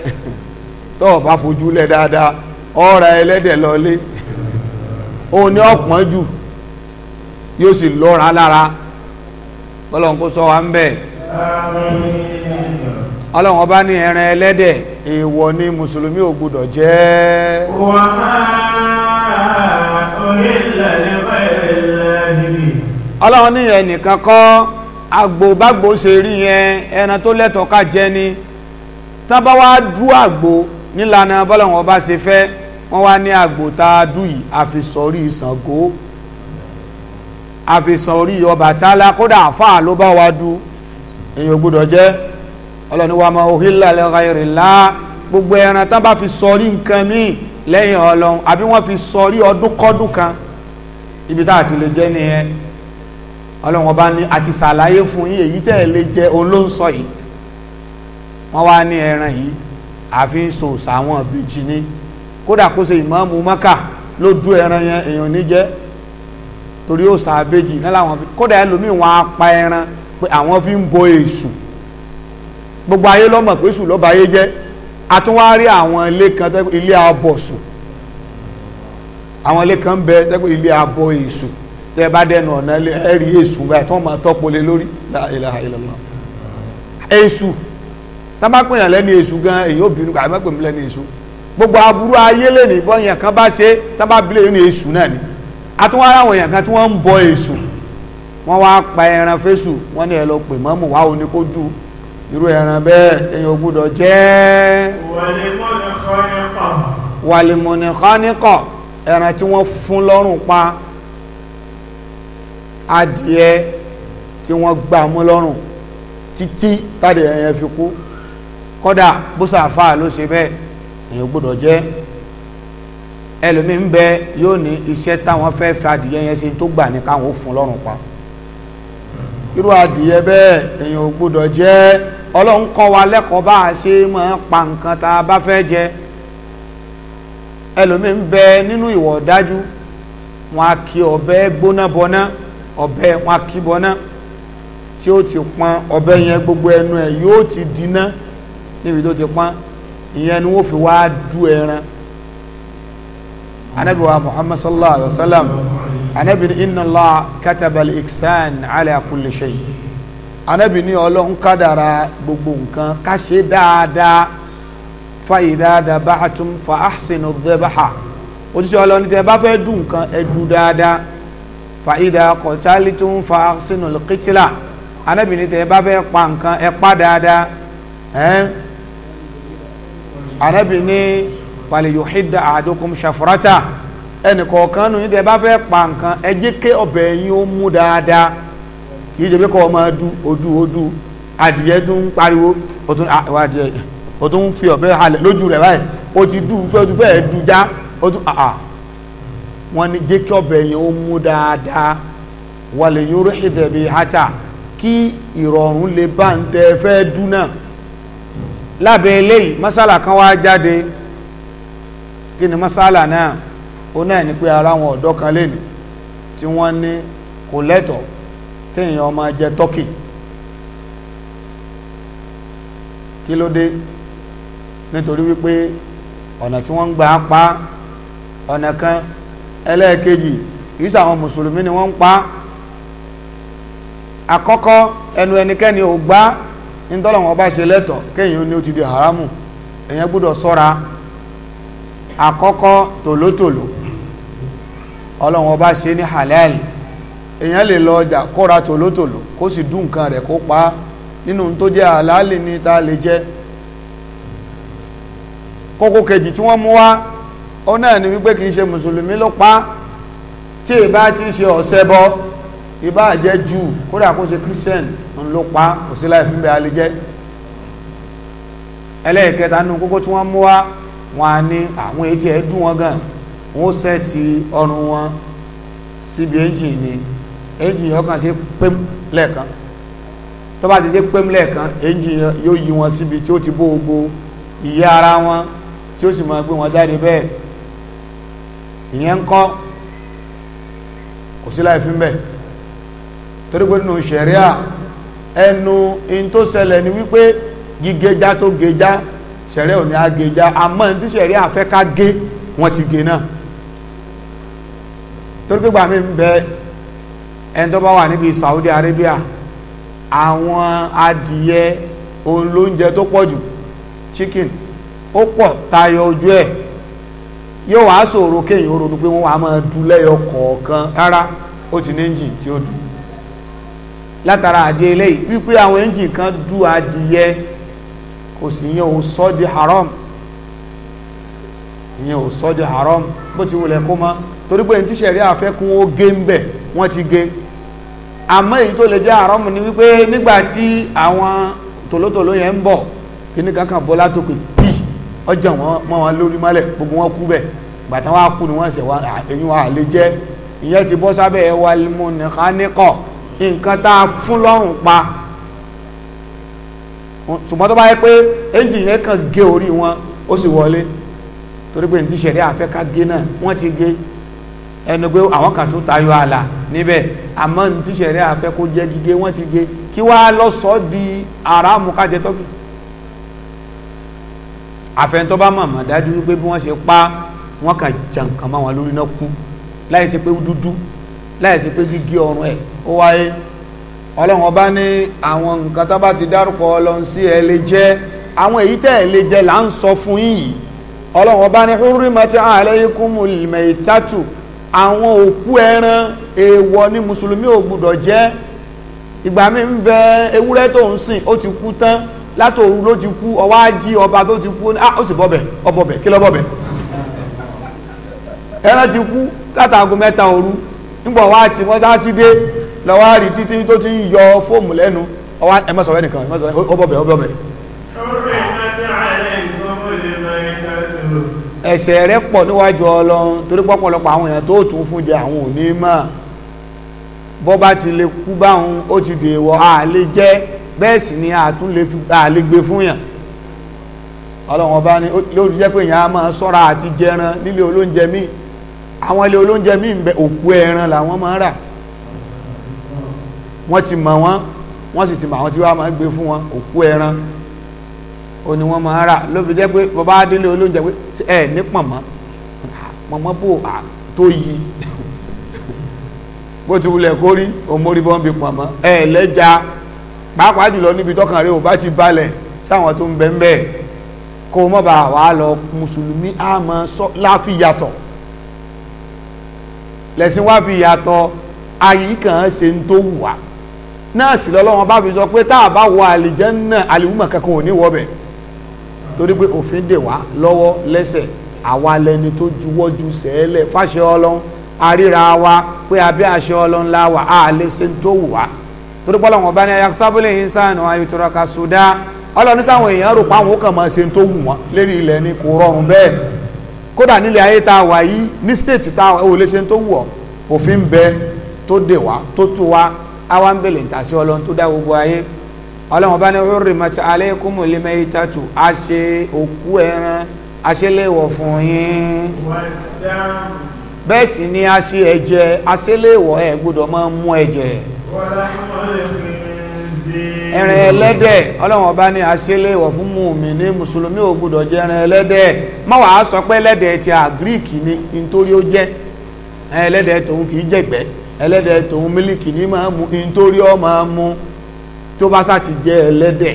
<laughs> tó o bá fojú lẹ̀ dáadáa ọ̀ra ẹlẹ́dẹ̀ lọlé <laughs> ó ní ọ̀pọ̀n jù yóò sì lọ́ra lára ọlọ́run kó sọ wa ń bẹ̀ ọlọ́run èèwọ̀ ni mùsùlùmí ò gbúdọ̀ jẹ́ ọlọ́run ní ẹnìkan kọ́ agbóbágbó ṣe rí yẹn ẹran tó lẹ́tọ̀ọ́ ká jẹ ni tán bá wá dú àgbò nílànà bọ́lọ̀wọ̀n bá ṣe fẹ́ wọ́n wá ní àgbò tá a dú yìí àfisọ̀rí Ṣàngó àfisọ̀rí Ọbàtálá kódà àfáà ló bá wa dú èyí ò gbúdọ̀ jẹ́ ọlọ́ni wa ma uhilla li ghayri Allah gbogbo ẹran tán bá fi sọrí nǹkan míì lẹ́yìn ọlọ́run àbí wọ́n fi sọrí ọdún kọ́dún kan ibi tá a ti lè jẹ́ nìyẹn ọlọ́run ọba ní àti ṣàlàyé fún yín èyí tẹ́ ẹ lè jẹ òun ló ń sọ yìí wọ́n wá ní ẹran yìí àfi so sàwọn ìbejì ni kódà kó ṣe ìmáàmù Mákà lójú ẹran yẹn èèyàn ní torí ó sàbejì náà kódà ẹlòmíì wọn á ẹran pé àwọn fi ń bo èṣù. E gbogbo ayé lọ́mọ̀ pé sùn lọ́ba ayé jẹ́ àtúnwárí àwọn ilé kan tẹ́kọ̀ ilé abọ̀ sùn àwọn ilé kan bẹ tẹ́kọ̀ ilé abọ̀ èṣù tẹ́ bá dẹnu ọ̀nà ẹ̀rí èṣù báyìí tí wọ́n máa tọ́pọ̀lẹ̀ lórí la ilaha illallah èṣù tábàkùnyàn lẹ́ni èṣù gan èyí obìnrin kò àbẹ́pẹ̀mí lẹ́ni èṣù gbogbo aburú ayé lẹ́ni bọ́yàn kan bá ṣe tábàbílẹ̀ yóò ní èṣù náà ni àtúnwárí àwọn èèyàn kan tí wọ́n ń bọ èṣù wọ́n wá pa ẹran fésù wọ́n ní ẹ lọ pè mọ́mù wá oníkójú irú ẹran bẹ́ẹ̀ èyàn gbúdọ̀ jẹ́ wàlìmọ̀nìkọ́nìkọ̀ ẹran tí wọ́n fún lọ́rùn pa adìẹ tí wọ́n gbà mú lọ́rùn títí tàbí ẹ̀yẹn fi kú kọ́dà búsàfà ló ṣe bẹ́ẹ̀ èyàn gbúdọ̀ jẹ́ ẹlòmí ń bẹ yóò ní iṣẹ́ táwọn fẹ́ fi adìẹ yẹn ṣe tó gbà ní káwọn ó fún lọ́rùn pa irú adìẹ bẹ́ẹ̀ èyàn gbúdọ̀ jẹ́ ọlọ́run kọ́ wa lẹ́kọ̀ọ́ bá a ṣe máa pa nǹkan tá a bá fẹ́ jẹ ẹlòmíín bẹ nínú ìwọ̀ dájú wọn a kí ọ̀bẹ gbóná wọn a kí tí ó ti pọn ọ̀bẹ yẹn gbogbo ẹnu ẹ yóò ti dínà níbi tó ti pọn ìyẹn ni wọ́n fi wá du ẹran anabi wa muhammad sallallahu anabi inna allah katabal iksan ala kulli anabi ní ọlọ́run kádàrà gbogbo nǹkan ká ṣe dáadáa fa idha daba'tum fa ahsinu dhabaha ojúṣe ọlọ́run tẹ bá fẹ́ dùn nǹkan ẹ dù dáadáa fa idha qatalitum fa ahsinu al-qitla anabi ní tẹ bá fẹ́ pa nǹkan ẹ pa dáadáa ẹ́n anabi ní falyuhidda ahadukum shafrata ẹnì kọ̀ọ̀kan nù tẹ bá fẹ́ pa nǹkan ẹ jẹ́ ọbẹ̀ yín ó mú dáadáa kì í ṣe kọ́ ọmọ du odu odu adìyẹ tún ń pariwo ó tún àwọn ah, adìyẹ ó tún ń fi ọ̀fẹ́ halẹ̀ lójú rẹ̀ báyìí ó ti du pé ó tún fẹ́ẹ́ du já ó tún àà ah, ah. wọ́n ní jẹ́ kí ọbẹ̀ yẹn ó mú dáadáa wàlẹ̀ yóò rí ìdẹ̀bi hata kí ìrọ̀rùn lè bá ń tẹ fẹ́ dún náà lábẹ́ eléyìí masala kan wá jáde kí ni masala náà ó náà ní pé ara àwọn ọ̀dọ́ kan lè ní tí wọ́n ní kò lẹ́tọ̀ọ́ kéèyàn ọmọ jẹ tọ́kì kí ló dé nítorí wípé ọ̀nà tí wọ́n ń gbà pa ọ̀nà kan ẹlẹ́ẹ̀kejì ìsà àwọn mùsùlùmí ni wọ́n ń pa àkọ́kọ́ ẹnu ẹnikẹ́ni ò gbá nítọ́lọ̀wọ̀n ọba ṣe lẹ́tọ̀ kéèyàn ní ó ti di haramu èyàn gbọ́dọ̀ sọ́ra àkọ́kọ́ tòlótòló ọlọ́wọ̀n ọba ṣe ní halal èèyàn lè lọ ọjà kó ra tòlótòló kó sì dún nǹkan rẹ̀ kó pa á nínú tó jẹ́ àlàálì ni ta lè jẹ́ kókó kejì tí wọ́n mú wá ó náà ni wípé kì í ṣe mùsùlùmí ló pa á tí ìbá ti ṣe ọ̀sẹ̀ bọ́ ìbá jẹ́ jù kódà kó ṣe christian ń ló pa á kò sí láì fún bẹ́ẹ̀ alẹ́ jẹ́ ẹlẹ́ẹ̀kẹta nínú kókó tí wọ́n mú wá wọn a ní àwọn etí ẹ̀ dùn wọn gan wọn ó sẹ́ẹ̀tì ọrùn wọn síbi ẹ́ńjìn ni engine yẹn kàn ṣe pẹ́m lẹ́ẹ̀kan tó bá ti ṣe pẹ́m lẹ́ẹ̀kan engine yẹn yóò yí wọn síbi tí ó ti bó gbogbo ìyẹ́ ara wọn tí ó sì máa gbé wọn jáde bẹ́ẹ̀ ìyẹn ń kọ́ kò sí láì fi torí pé nínú ṣẹ̀ríà ẹnu in tó ṣẹlẹ̀ ni wípé gígéjá tó géjá ṣẹ̀ríà ò ní á géjá àmọ́ ní tí ṣẹ̀ríà fẹ́ ká gé wọ́n ti gé náà torí pé gbàmí bẹ́ẹ̀ ẹni tó bá wà níbi Saudi Arabia àwọn adìyẹ ohun lóúnjẹ tó pọ̀ jù chicken ó pọ̀ tayọ ojú ẹ̀ yóò wá ṣòro kéèyàn ronú pé wọ́n wà máa du lẹ́yọ kọ̀ọ̀kan rárá ó ti ní engine tí ó dù látara àdé eléyìí wípé àwọn engine kan du adìyẹ kò sì yẹn ò sọ di haram ìyẹn ò sọ di haram bó ti wulẹ̀ kó mọ́ torí pé ní tíṣẹ̀rí àfẹ́kùn ó gé ń bẹ̀ wọ́n ti gé àmọ́ èyí tó lè jẹ́ àrọ́mù ni wípé nígbà àwọn tòlótòló yẹn ń bọ̀ kíní kankan bọ́lá tó pè pí ọjà wọn mọ́ wọn lórí mọ́lẹ̀ gbogbo wọn kú bẹ̀ gbàtà wọn kú ni wọ́n ṣẹ̀ wọn ẹ̀yìn wọn àlè jẹ́ ìyẹn ti bọ́ sábẹ́ wàlímù nìkan níkọ̀ nǹkan tá a fún lọ́rùn pa ṣùgbọ́n tó bá yẹ pé ẹ́ńjìn yẹn kàn gé orí wọn ó sì wọlé torí pé ní ti ṣẹ̀rí àfẹ́ ká gé náà wọ́n ti gé ẹnu pé àwọn kan tún tayọ ààlà níbẹ̀ àmọ́ ní tíṣẹ̀ rẹ̀ àfẹ́ kó jẹ́ gígé wọ́n ti gé kí wàá lọ sọ di aráàmù kájẹ tọ́kì àfẹ́ntọ́ bá mọ̀ mọ̀ dájú pé bí wọ́n ṣe pa wọ́n kàn jà nǹkan mọ́ wọn lórí náà kú láì ṣe pé dúdú láì ṣe pé gígé ọrùn ẹ̀ ó wáyé ọlọ́run ọba ní àwọn nǹkan tá bá ti dárúkọ ọlọ́run sí ẹ lè jẹ́ àwọn èyí tẹ́ lè jẹ́ là ń sọ fún yìí ọlọ́run ọba ní hurrimat alaykumul maytatu àwọn òkú ẹran èèwọ̀ ni mùsùlùmí ò gbúdọ̀ jẹ ìgbà mi ń bẹ ewúrẹ́ tó ń sìn ó ti kú tán látòru ló ti kú ọwọ́ ají ọba tó ti kú ó ah, sì bọ́bẹ̀ ọbọ̀bẹ̀ kí lọ́bọ̀bẹ̀ ẹran ti kú látàgùn mẹ́ta òru nígbà wá ti wọ́n sá sí dé lọ́wọ́ rí títí tó ti ń yọ fóòmù lẹ́nu ọwọ́ ẹ̀mọ́sọ̀rọ̀ ẹnìkan ọbọ̀bẹ̀ ọbọ̀bẹ̀ ẹ̀ṣẹ̀ rẹ̀ pọ̀ níwájú Ọlọ́run torí pọ̀pọ̀lọpọ̀ àwọn èèyàn tó tún fún jẹ àwọn òní mọ̀ bọ́ bá ti lè kú báwọn ó ti dèèwọ̀ àlè jẹ́ bẹ́ẹ̀ sì ni àtún lè àlè gbé fún yàn Ọlọ́run ọba ni lórí jẹ́ pé èèyàn á máa ṣọ́ra àti jẹran nílé olóúnjẹ míì àwọn ilé olóúnjẹ míì ń bẹ òkú ẹran làwọn máa rà wọ́n ti mọ̀ wọ́n wọ́n sì ti mọ̀ àwọn tí wọ́n máa gbé fún wọn òkú ẹran ó ní wọ́n máa rà ló fi jẹ́ pé bàbá adélé olóúnjẹ pé ẹ ní pọ̀nmọ́ pọ̀nmọ́ bò tó yí bó ti wulẹ̀ kó rí òmórí bọ́n bí pọ̀nmọ́ ẹ lẹ́ja pàápàá jùlọ níbi tọkàn rẹ ò bá ti balẹ̀ sáwọn tó ń bẹ́ ń bẹ́ kó mọ́ bá wà lọ mùsùlùmí àmọ́ láfiyàtọ̀ lẹ́sìn wá fi yàtọ̀ àyíkàn ṣe ń tó wù wá náà sì lọ́lọ́wọ́n bá fi sọ pé tá a bá wọ àlìjẹ́ náà àlìwúmọ̀ kankan ò ní wọ́bẹ̀ẹ́ torí pé òfin dè wá lọ́wọ́ lẹ́sẹ̀ àwa lẹni tó juwọ́jú sẹ́ẹ̀lẹ̀ fáṣẹ ọlọ́run àríra wa pé abẹ́ àṣẹ ọlọ́run la wà á lè ṣe ń tó wù wá torí pé ọlọ́run ọba ní ayé sábúlẹ̀ yìí sáànù ayétúrọ̀ka sódà ọlọ́run sáwọn èèyàn rò páwọn ó kàn máa ṣe tó wù wọ́n lérí ilẹ̀ ni kò rọrùn bẹ́ẹ̀ kódà nílẹ̀ ayé tá a wà yìí ní stéètì tá a ò lè ṣe tó wù ọ́ òfin bẹ tó dè wá tó tú wá àwa ń bèlè ń tàṣí ọlọ́run tó dá gbogbo ayé ọlọ́run bá ní hurrimat alaykumul maytatu a ṣe òkú ẹran a ṣe léèwọ̀ fún yín bẹ́ẹ̀ sì ni a ṣe ẹ̀jẹ̀ a ṣe léèwọ̀ ẹ̀ gbọ́dọ̀ máa mú ẹ̀jẹ̀ ẹran ẹlẹ́dẹ̀ ọlọ́run ọba ní a ṣe léèwọ̀ fún mùmíní mùsùlùmí ò gbọ́dọ̀ jẹ ẹran ẹlẹ́dẹ̀ má wàá sọ pé ẹlẹ́dẹ̀ ti àgíríkì ni nítorí ó jẹ́ ẹlẹ́dẹ̀ tòun kì í jẹ̀gbẹ́ ẹlẹ́dẹ̀ tòun mílíkì ní máa mú nítorí ó máa mú tó bá sá ti jẹ ẹlẹ́dẹ̀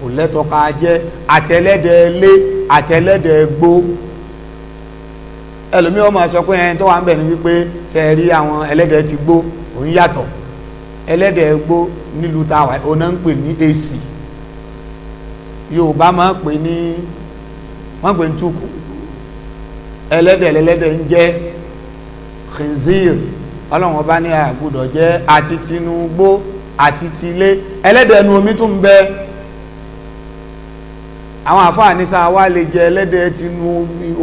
kò lẹ́tọ̀ọ́ ká jẹ àtẹlẹ́dẹ̀ lé àtẹlẹ́dẹ̀ gbó ẹlòmí ọmọ sọ pé ẹni tó wà ń bẹ̀ ni wípé ṣe rí àwọn ẹlẹ́dẹ̀ ti gbó òun yàtọ̀ ẹlẹ́dẹ̀ gbó nílùú táwa ọ̀nà ń pè ní èsì yorùbá máa ń pè ní wọ́n pè ní túkù ẹlẹ́dẹ̀ lẹ́lẹ́dẹ̀ ń jẹ́ khinzir ọlọ́run ọba ní àgùdọ̀ jẹ́ àti tinubu àti ti ilé ẹlẹ́dẹ̀ ẹnu omi tún bẹ àwọn àfáà ní sáà wá lè jẹ ẹlẹ́dẹ̀ ti nu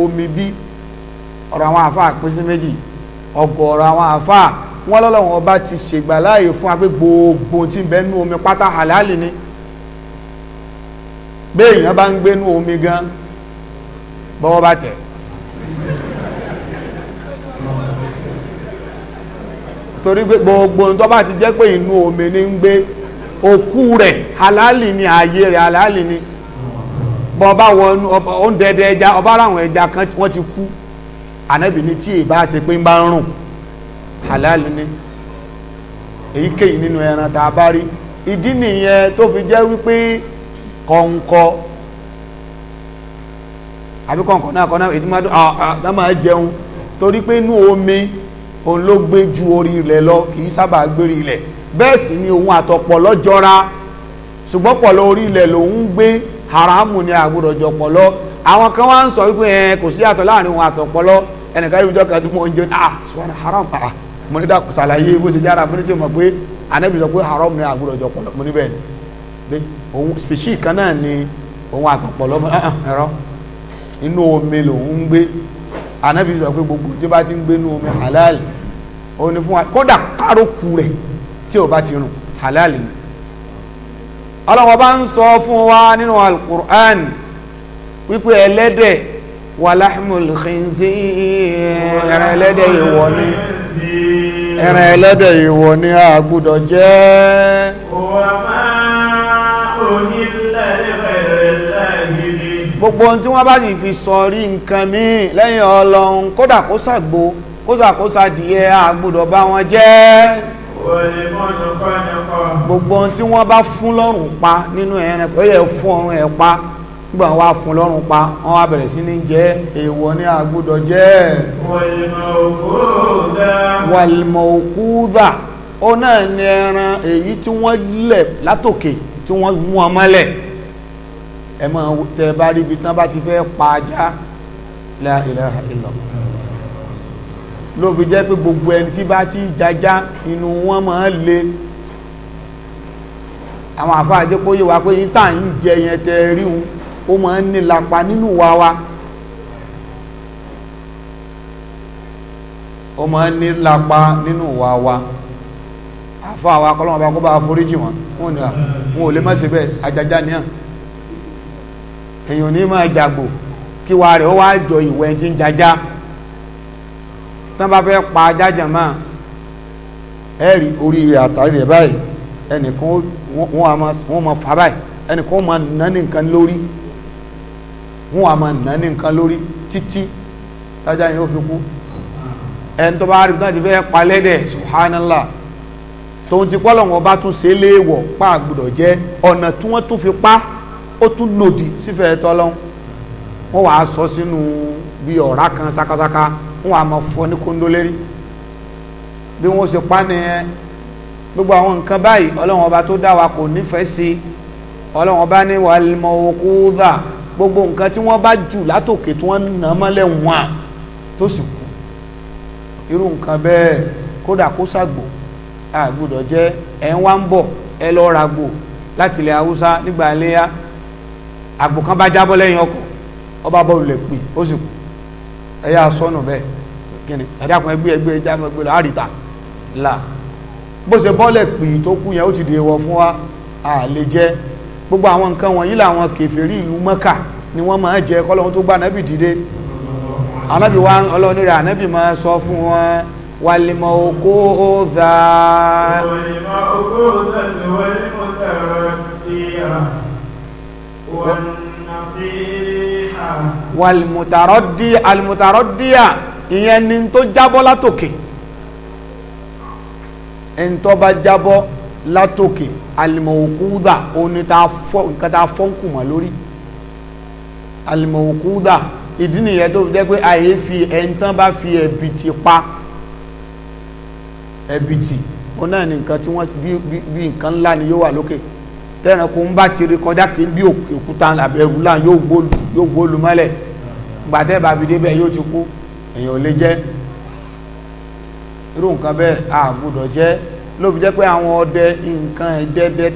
omi bí ọ̀rọ̀ àwọn àfáà pín sí méjì ọ̀gọ̀ọ̀rọ̀ àwọn àfáà wọ́n lọ́lọ́wọ́n ọba ti ṣègbà láàyè fún wa pé gbogbo tí ń bẹ nú omi pátá àlálì ni béèyàn bá ń gbénú omi gan bọ́wọ́ bá tẹ̀ torí pé gbogbo tó bá ti jẹ́ pé inú omi ní ń gbé okú rẹ̀ halali ni ààyè rẹ̀ halali ni bá wọn oúnjẹ ẹdẹ ẹja ọba àwọn ẹja kan wọ́n ti kú ànábì ní tí èbá ṣe pé ń bá ń rùn halali ni èyíkéyìí nínú ẹran tá a bá rí ìdí nìyẹn tó fi jẹ́ wípé kọ̀ǹkọ̀ àbí kọ̀ǹkọ̀ náà kọ̀ náà máa jẹun torí pé inú omi òun ló gbé ju orí ilẹ̀ lọ kì í sábà gbérí ilẹ̀ bẹ́ẹ̀ sì ni òun àtọ̀pọ̀lọ́ jọra ṣùgbọ́n pọ̀lọ́ orí ilẹ̀ lòun gbé haramu ni àgbọ̀dọ̀jọ pọ̀lọ́ àwọn kan wá ń sọ wípé ẹ kò sí àtọ̀ láàrin òun àtọ̀pọ̀lọ́ ẹnìkan yóò jọ kẹ́tù oúnjẹ ah sùpàdà haram pa ah, mo ní dàkú sàlàyé bó ṣe jára mo ní tí mo pé ànábì sọ pé haram ni àgbọ̀dọ̀jọ pọ̀lọ́ mo ní bẹ́ẹ̀ ni òun species kan náà ni òun àtọ̀pọ̀lọ́ ah, ah, ẹ̀rọ inú omi lòun ń gbé ànábì sọ pé gbogbo tí bá ti ń gbé inú omi halal O ní fún wa kódà káròkù rẹ̀ tí ò bá ti rùn halal ni ọlọ́wọ́ bá ń sọ fún wa nínú alukur'an wípé ẹlẹ́dẹ̀ walahmul khinzir ẹran ẹlẹ́dẹ̀ ìwọ ni ẹran ẹlẹ́dẹ̀ ìwọ ni a gbọ́dọ̀ jẹ. gbogbo ohun tí wọ́n bá sì fi sọ rí nǹkan míì lẹ́yìn ọlọ́run kódà kó ṣàgbó kóṣàkóṣà adìyẹ a gbọ́dọ̀ bá wọn jẹ́ gbogbo ohun tí wọ́n bá fún lọ́rùn pa nínú ẹran ó yẹ fún ọrùn ẹ̀ pa nígbà wọn wá fún lọ́rùn pa wọ́n wá bẹ̀rẹ̀ sí ní jẹ èèwọ̀ ní a gbọ́dọ̀ jẹ́ wàlmọ̀kúdà ó náà ní ẹran èyí tí wọ́n lẹ̀ látòkè tí wọ́n mú ọmọ lẹ̀ ẹ máa tẹ bá ríbi tán bá ti fẹ́ pa ajá la ló fi jẹ́ pé gbogbo ẹni tí bá ti jajá inú wọn máa le àwọn àfa àjẹkóyè wa pé yín tá à ń jẹ yẹn tẹ rí wọn ó máa ń nílapa nínú wa wa ó máa ń nílapa nínú wa wa àfa àwa kọlọ́wọ́n bá kó bá foríjì wọn wọn ni wọn ò lè má ṣe bẹ́ẹ̀ ajajá ni hàn èèyàn ní máa jàgbò kí wa rẹ̀ ó wá jọ ìwẹ̀ tí ń jajá tán bá fẹ́ pa ajá jàmá ẹ̀rí orí rẹ̀ àtàrí rẹ̀ báyìí ẹnìkan wọ́n máa fà báyìí ẹnìkan máa nà ní nǹkan lórí wọ́n á máa nà ní nǹkan lórí títí tájá yìí ó fi kú ẹni tó bá rí tó ti fẹ́ pa lẹ́dẹ̀ subhanallah tòun ti kọ́ lọ́wọ́ bá tún ṣe é léèwọ̀ pa àgbùdọ̀ jẹ́ ọ̀nà tí wọ́n tún fi pa ó tún lòdì sífẹ̀ẹ́ tọ́lọ́hún wọ́n wàá sọ sínú bíi ọ̀rá kan sákásáká wọn àmọ́ fọ ní kóńdó lérí bí wọn ṣe pa nìyẹn gbogbo àwọn nǹkan báyìí ọlọ́run ọba tó dá wa kò nífẹ̀ẹ́ sí ọlọ́run ọba ní wàlímọ̀ òkú dà gbogbo nǹkan tí wọ́n bá jù látòkè tí wọ́n nà mọ́lẹ̀ wọn à tó sì kú irú nǹkan bẹ́ẹ̀ kódà kó sàgbò àgbòdọ̀ jẹ́ ẹ̀ ń wá ń bọ̀ ẹ lọ ra gbò láti ilẹ̀ haúsá nígbà iléyà àgbò kan bá jábọ́ lẹ́yìn ọkọ̀ ọba bọ́ọ̀lù lẹ̀ pè ó sì kú ẹ yà sọnù bẹ́ẹ̀ kíni ẹ̀dàkùn ẹgbẹ́ ẹgbẹ́ ẹjá mọ́ ẹgbẹ́ láàrítà là bó ṣe bọ́lẹ̀ pì tó kú yẹn ó ti dèwọ̀ fún wa à lè jẹ gbogbo àwọn nǹkan wọ̀nyí làwọn kèfèrí ìlú Mẹ́kà ni wọ́n máa jẹ kọ́lọ́hún tó gbá anábì dìde anábì wa ọlọ́ni rẹ̀ anábì máa sọ fún wọn wàlìmọ̀ okó ó dà wàlìmọ̀ okó ó dà tí wàlìmọ̀ tààrà sí à wọ́n nà sí à wàlmùtàrọ́díà àlmùtàrọ́díà ìyẹn ni tó jábọ́ látòkè ẹni tó bá jábọ́ látòkè àlmọ̀òkúdà òní nǹkan tá a fọ́nkù mọ́ lórí àlmọ̀òkúdà ìdí nìyẹn tó jẹ́ pé àyè fi ẹni bá fi ẹ̀bì ti pa ẹ̀bì ti ó náà ní nǹkan tí wọ́n bí nǹkan ńlá ni yóò wà lókè. Okay tẹ́ran kò ń bá ti rí kọjá kí n bí òkúta àbẹ̀rù láà yóò gbólu mọ́lẹ̀ gbàtẹ́ bàbí débẹ̀ yóò ti kú èèyàn ò lè jẹ́ irú nǹkan bẹ́ẹ̀ a jẹ́ lóbi jẹ́ pé àwọn ọdẹ nǹkan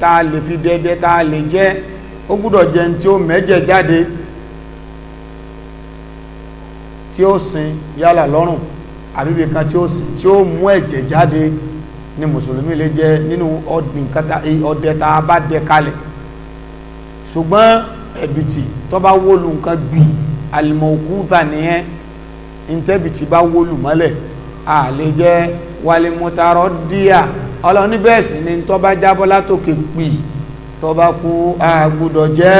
tá a lè fi tá a lè jẹ́ ó ní tí ó mẹ́jẹ̀ jáde tí ó sin yálà lọ́rùn àbíbi kan tí ó ni mùsùlùmí lè jẹ nínú ọdún eh, ọdẹ tá a bá dẹ kalẹ̀ ṣùgbọ́n ẹ̀bìtì tó bá wólu nǹkan gbì alimọ̀kúta nìyẹn ntẹ́bìtì bá wólu mọ́lẹ̀ a lè jẹ wàlímùtàrọ̀ díà ọlọ́run ní bẹ́ẹ̀ sì ni tó bá jábọ́ látòkè gbì tó bá kú àgùdọ̀ jẹ́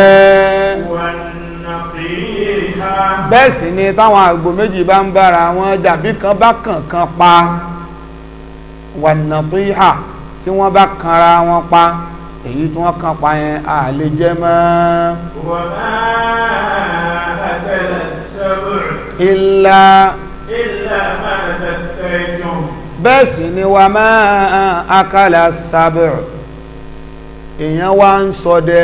bẹ́ẹ̀ sì ni táwọn àgbò méjì bá ń bára wọn dàbí kan bá kàn pa wànàtíhà tí wọ́n bá kanra wọn pa èyí tí wọ́n kan pa yẹn a lè jẹ mọ́. ilà bẹ́ẹ̀ sì ni wà máa akálà sábẹ̀ èèyàn wá ń ṣọdẹ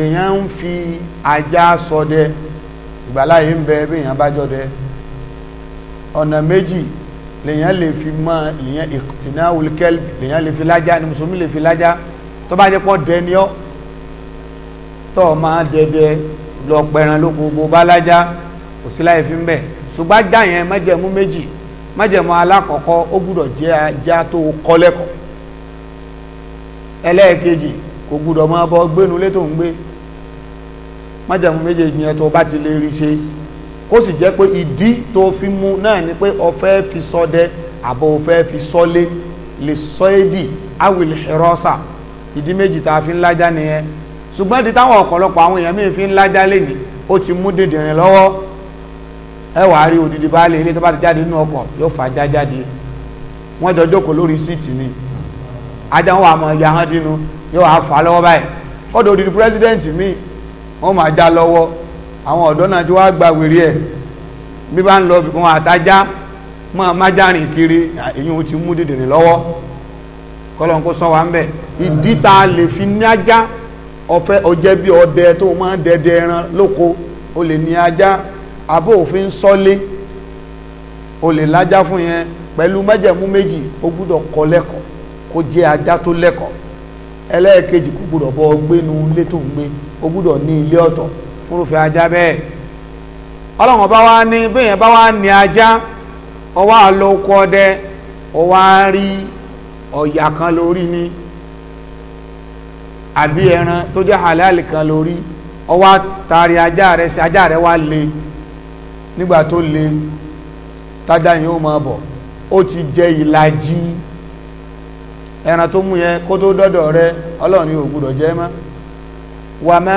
èèyàn ń fi ajá ṣọdẹ ìgbàláyé ń bẹ bí èèyàn bá jọdẹ ọ̀nà méjì lèyàn lè fi mọ lèyàn ìtìná wulkẹ́l lèyàn lè fi lájá ni mùsùlùmí lè fi lájá tó bá jẹ́ pọ̀ dẹni ọ́ tó o máa dẹdẹ lọ pẹran ló gbogbo bá lájá kò sí láyé fi ń bẹ̀ ṣùgbọ́n ajá yẹn májẹ̀mú méjì májẹ̀mú alákọ̀ọ́kọ́ ó gbúdọ̀ jẹ́ ajá tó kọ́ lẹ́kọ̀ọ́ ẹlẹ́ẹ̀kejì kò gbúdọ̀ máa bọ́ gbénu létò ń gbé májẹ̀mú méjèèjì yẹn tó bá ti lè rí ṣe kó sì jẹ́ pé ìdí tó fi mú náà ni pé ọ̀fẹ́ fi sọdẹ àbọ̀ ọ̀fẹ́ fi sọlé lè sọ èdì awìlì ẹ̀rọ́sà ìdí méjì tá a fi ń lájá nìyẹn ṣùgbọ́n ìdí táwọn ọ̀pọ̀lọpọ̀ àwọn èèyàn míì fi ń lájá lẹ́ni ó ti mú dèdèrìn lọ́wọ́ ẹ wàá rí odidi baálé ilé tó bá ti jáde nínú ọkọ̀ yóò fà já jáde wọ́n jọ jókòó lórí síìtì ni ajá wọn àmọ́ ìyá hàn dínú yóò wàá fà lọ́wọ́ báyìí kọ́dọ̀ odidi pírẹ́sidẹ́ǹtì míì wọ́n máa já lọ́wọ́ àwọn ọ̀dọ́ náà ti wá gba wèrè ẹ̀ bí bá ń lọ bí wọn àtajá máa májàrin kiri èyí ò ti mú dìdìrín lọ́wọ́ kọ́lọ́n kó sọ wá ń bẹ̀ ìdí tá a lè fi ní ajá ọ̀fẹ́ ọjẹ́ bí ọdẹ tó máa ń dẹdẹ ẹran lóko o lè ní ajá abó òfin sọ́lé o lè lájá fún yẹn pẹ̀lú májẹ̀mú méjì o gbúdọ̀ kọ́ lẹ́kọ̀ọ́ kó jẹ́ ajá tó lẹ́kọ̀ọ́ ẹlẹ́ẹ̀kejì kò gbúdọ̀ bọ́ gbénu ilé ń gbé o gbúdọ̀ ní ilé ọ̀tọ̀ múrùfẹ́ ajá bẹ́ẹ̀ ọlọ́run bá wá ní bẹ́ẹ̀ bá wá ní ajá ọwọ́ àlọ́kọ ọdẹ ọwọ́ á rí ọ̀yà kan lórí ni àbí ẹran tó jẹ́ halali kan lórí ọwọ́ àtàrí ajá rẹ̀ sí ajá rẹ̀ wá le nígbà tó le tájá yìí ó máa bọ̀ ó ti jẹ ìlàjì ẹran tó mú yẹ kó tó dọ́dọ̀ rẹ, ọlọ́run yóò ò gbọ́dọ̀ jẹ mọ́ wàmà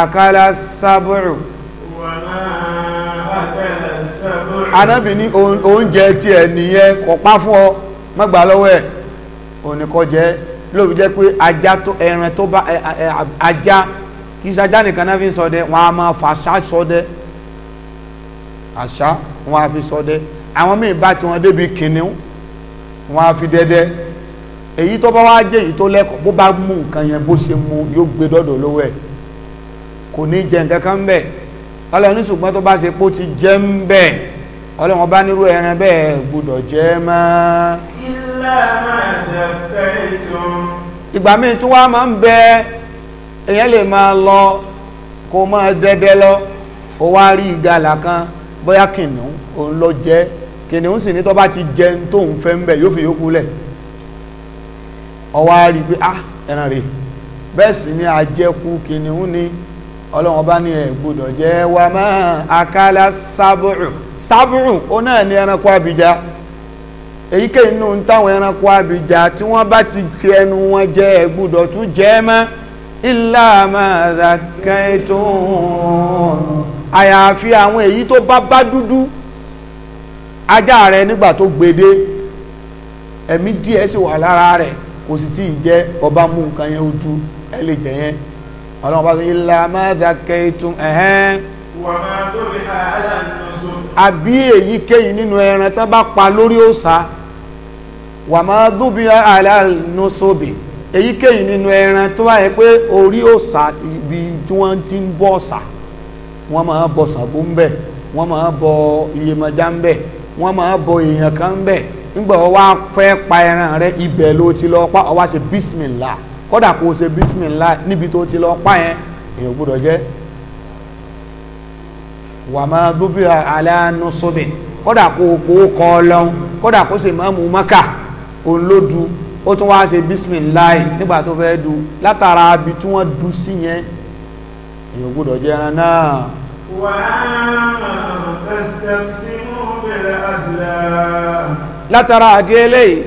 àkàlà sábùrù anábì ní oúnjẹ tí ẹ nìyẹn kò pa fún ọ má gbà lọ́wọ́ ẹ̀ òníkọjẹ́ lóbi jẹ́ pé ajá tó ẹran tó bá ajá kì í ṣajá nìkan náà fi ń ṣọdẹ wọn a máa fàṣà ṣọdẹ àṣà wọn a fi èyí tó bá wá jẹ́ èyí tó lẹ́kọ̀ọ́ bó bá mú nǹkan yẹn bó ṣe mú yóò gbé dọ́dọ̀ lówó ẹ̀ kò ní jẹ nǹkan kan bẹ̀ ọlọ́run ní ṣùgbọ́n tó bá ṣe pó ti jẹ́ ń bẹ̀ ọlọ́run bá nírú ẹran bẹ́ẹ̀ gbọ́dọ̀ jẹ́ mọ́. ìgbà míì tí wọ́n máa ń bẹ èèyàn lè máa lọ kó máa dẹ́dẹ́ lọ ó wá rí ìgalà kan bóyá kìnìún òun lọ jẹ kìnìún sì ní tó bá ti jẹun tóun fẹ́ ń bẹ̀ yóò fi yókù lẹ̀ ọwọ́ á rí i pé ah ẹran rè bẹ́ẹ̀ sì ni àjẹkù kìnìún ni ọlọ́run ọba ní ẹ̀ gbọ́dọ̀ jẹ́ wà máa akálá sábùrù sábùrù ó náà ní ẹranko àbíjà èyíkéyìí nínú táwọn ẹranko àbíjà tí wọ́n bá ti fi ẹnu wọn jẹ ẹ̀ gbọ́dọ̀ tún jẹ́ mọ́ ilá máa dàkẹ́tò àyàfi àwọn èyí tó bá bá dúdú ajá rẹ̀ nígbà tó gbede ẹ̀mí díẹ̀ sì wà lára rẹ̀ kò sì tí ì jẹ́ ọba mú nǹkan yẹn ojú ẹ lè jẹ yẹn ọlọ́run bá sọ ilà mẹ́ta kẹ́ẹ̀tún ẹ̀hẹ́n. wàhálà tó lè ha aláǹdọ̀ so. àbí èyíkéyìí nínú ẹran tó bá pa lórí òòṣà wàmọ́ dúbí aláàánúsóbì èyíkéyìí nínú ẹran tó wáyé pé orí òsà ibi tí wọ́n ti ń bọ ọ̀sà wọ́n máa bọ Ṣàngó ń bẹ̀ wọ́n máa bọ̀ Iyemọja ń bẹ́ẹ̀ wọ́n máa bọ̀ èèyàn kan ń bẹ̀ nígbà wọ́n wá fẹ́ pa ẹran rẹ ibẹ̀ ló ti lọ pa ó wá ṣe bísímìlá kódà kó o ṣe bísímìlá níbi tó ti lọ pa yẹn èèyàn gbọ́dọ̀ jẹ́ wàmọ́ dúbí aláàánú sóbìn kódà kó o kó o kọ́ ọ lọ́hún kódà kó o mú mọ́kà òun ló du ó tún wá ṣe bísímìlá yìí nígbà tó fẹ́ du látara ibi tí wọ́n du sí yẹn èèyàn gbọ́dọ̀ jẹ́ ẹran náà. wàá tẹ̀síwò bẹ̀rẹ̀ àdìlá látara àti eléyìí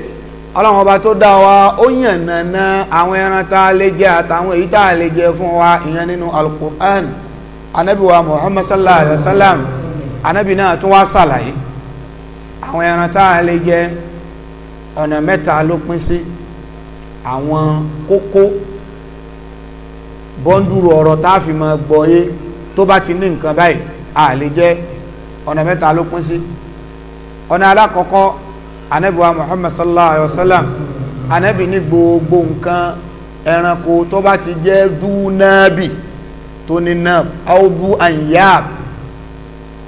ọlọ́run ọba tó dá wa ó yàn nàna àwọn ẹran tá a lè jẹ àtàwọn èyí tá a lè jẹ fún wa ìyẹn nínú alukur'an anabi wa muhammad sallallahu alayhi wa sallam anabi náà tún wá ṣàlàyé àwọn ẹran tá a lè jẹ ọ̀nà mẹ́ta ló pín sí àwọn kókó bọ́ńdúró ọ̀rọ̀ tá a fi máa gbọ́ yé tó bá ti ní nǹkan báyìí a lè jẹ ọ̀nà mẹ́ta ló pín sí ọ̀nà alákọ̀ọ́kọ́ anabi wa muhammad sallallahu alayhi wa sallam anabi ní gbogbo nǹkan ẹranko tó bá ti jẹ́ du náàbì tó ní náàb áwùdú àyàb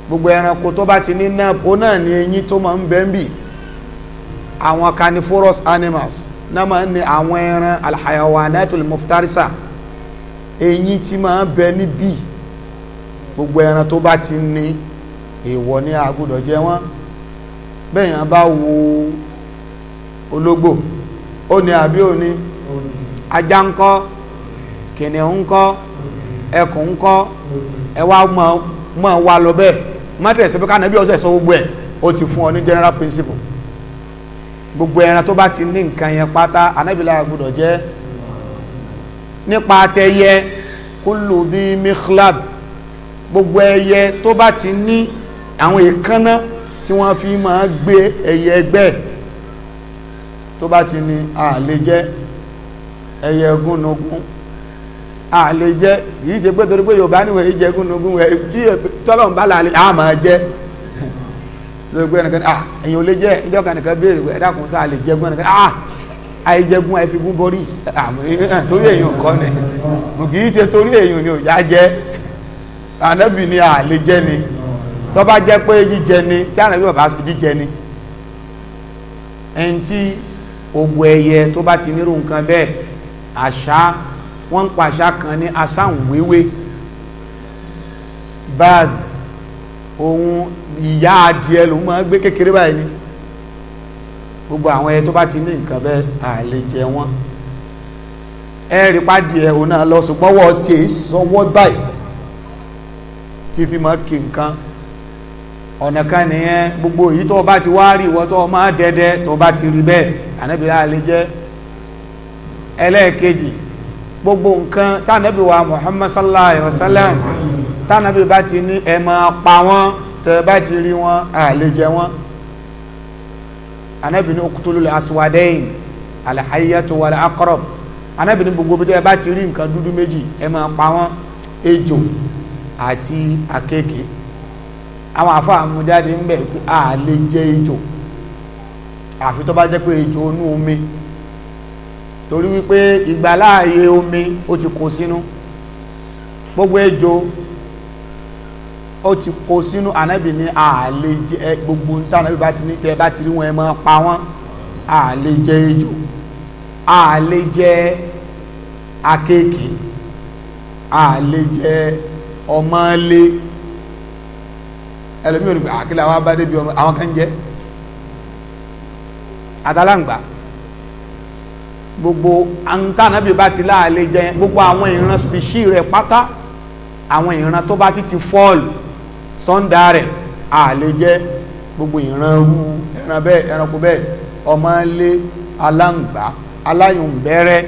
gbogbo ẹranko tó bá ti ní náàb ó náà ní eyín tó máa ń bẹ́ bì àwọn carnivorous animals náà máa ń ní àwọn ẹran alhayawanatul muftarisa eyín tí máa ń bẹ níbí gbogbo ẹran tó bá ti ní èèwọ̀ ní a gbọ́dọ̀ jẹ bẹ́ẹ̀ yàn bá wo ológbò ó ní àbí ó ní ajá ń kọ́ kìnìún ń kọ́ ẹkùn ń kọ́ ẹ wá mọ̀ wá lọ bẹ́ẹ̀ mọ́tẹ̀ sọ pé ká nàbí ọ̀sẹ̀ sọ gbogbo ẹ̀ ó ti fún ọ ní general principle gbogbo ẹran tó bá ti ní nǹkan yẹn pátá anábìlà gbọdọ̀ jẹ́ nípa tẹyẹ kúlù dí mikhlab gbogbo ẹyẹ tó bá ti ní àwọn èèkánná tí wọ́n fi máa gbé ẹyẹ ẹgbẹ́ tó bá ti ní àlè jẹ́ ẹyẹ gúnnugún àlè jẹ́ yìí ṣe pé torí pé Yorùbá níwẹ̀ yìí jẹ́ gúnnugún ẹ̀ tí tọ́lọ̀n bá lálẹ́ a máa jẹ́ gbogbo ẹnìkan ah èyàn lè jẹ́ ìjọ kan nìkan béèrè ẹ̀dá kùn sáà lè jẹ́gún ẹnìkan ah àìjẹgún ẹ fi gún borí torí èyàn kọ́ ni kì í ṣe torí èyàn ni ò yá jẹ́ ànábì ni à jẹ́ ni tó bá jẹ́ pé jíjẹ ni tí ànábì bàbá jíjẹ ni ẹni tí ògbò ẹyẹ tó bá ti nírú nǹkan bẹ́ẹ̀ àṣà wọ́n ń pa àṣà kan ní asáhùnwéwé baz ohun ìyá adìẹ ló máa gbé kékeré báyìí ni gbogbo àwọn ẹyẹ tó bá ti ní nǹkan bẹ́ẹ̀ àlè jẹ ẹ̀rí pàdé òun náà lọ ṣùgbọ́n wọ́n ti sọwọ́ báyìí tí fi máa kí nǹkan ọ̀nà kan nìyẹn gbogbo èyí tó o bá ti wá rí ìwọ tó o máa dẹ́dẹ́ tó o bá ti rí bẹ́ẹ̀ ànábì láà lè jẹ́ ẹlẹ́ẹ̀kejì gbogbo nǹkan tànábì wa Muhammad sallallahu alayhi wa sallam tànábì bá ti ní ẹ máa pa wọ́n tẹ́ ẹ bá ti rí wọn à lè jẹ wọ́n ànábì ní uqtulul aswadayn alhayyatu wal aqrab ànábì ní gbogbo bí ẹ bá ti rí nǹkan dúdú méjì ẹ máa pa wọ́n ejò àti àkekèé àwọn àfa àmújáde ń bẹ̀ pé a lè jẹ ejò àfi tó bá jẹ́ pé ejò inú omi torí wípé ìgbàláàyè omi ó ti kó sínú gbogbo ejò ó ti kó sínú ànábì ní a lè jẹ gbogbo ní tànábì bá ti ní tẹ bá ti rí wọn ẹ máa pa wọn a lè jẹ ejò a lè jẹ akéèké a lè jẹ ọmọlé ẹlòmíràn ní àkílẹ̀ ah, àwọn abá débi ọmọ àwọn kan jẹ́ àtàlàǹgbà gbogbo àǹtànàbí bá ti láàlẹ́ jẹ gbogbo àwọn ìran spíṣì rẹ̀ pátá àwọn ìran tó bá ti ti fọ́ọ̀lù sọ́ńdà rẹ̀ àlẹ́ jẹ́ gbogbo ìran rú ẹran bẹ́ẹ̀ ẹranko bẹ́ẹ̀ ọmọlé aláǹgbá aláyùnbẹ́rẹ́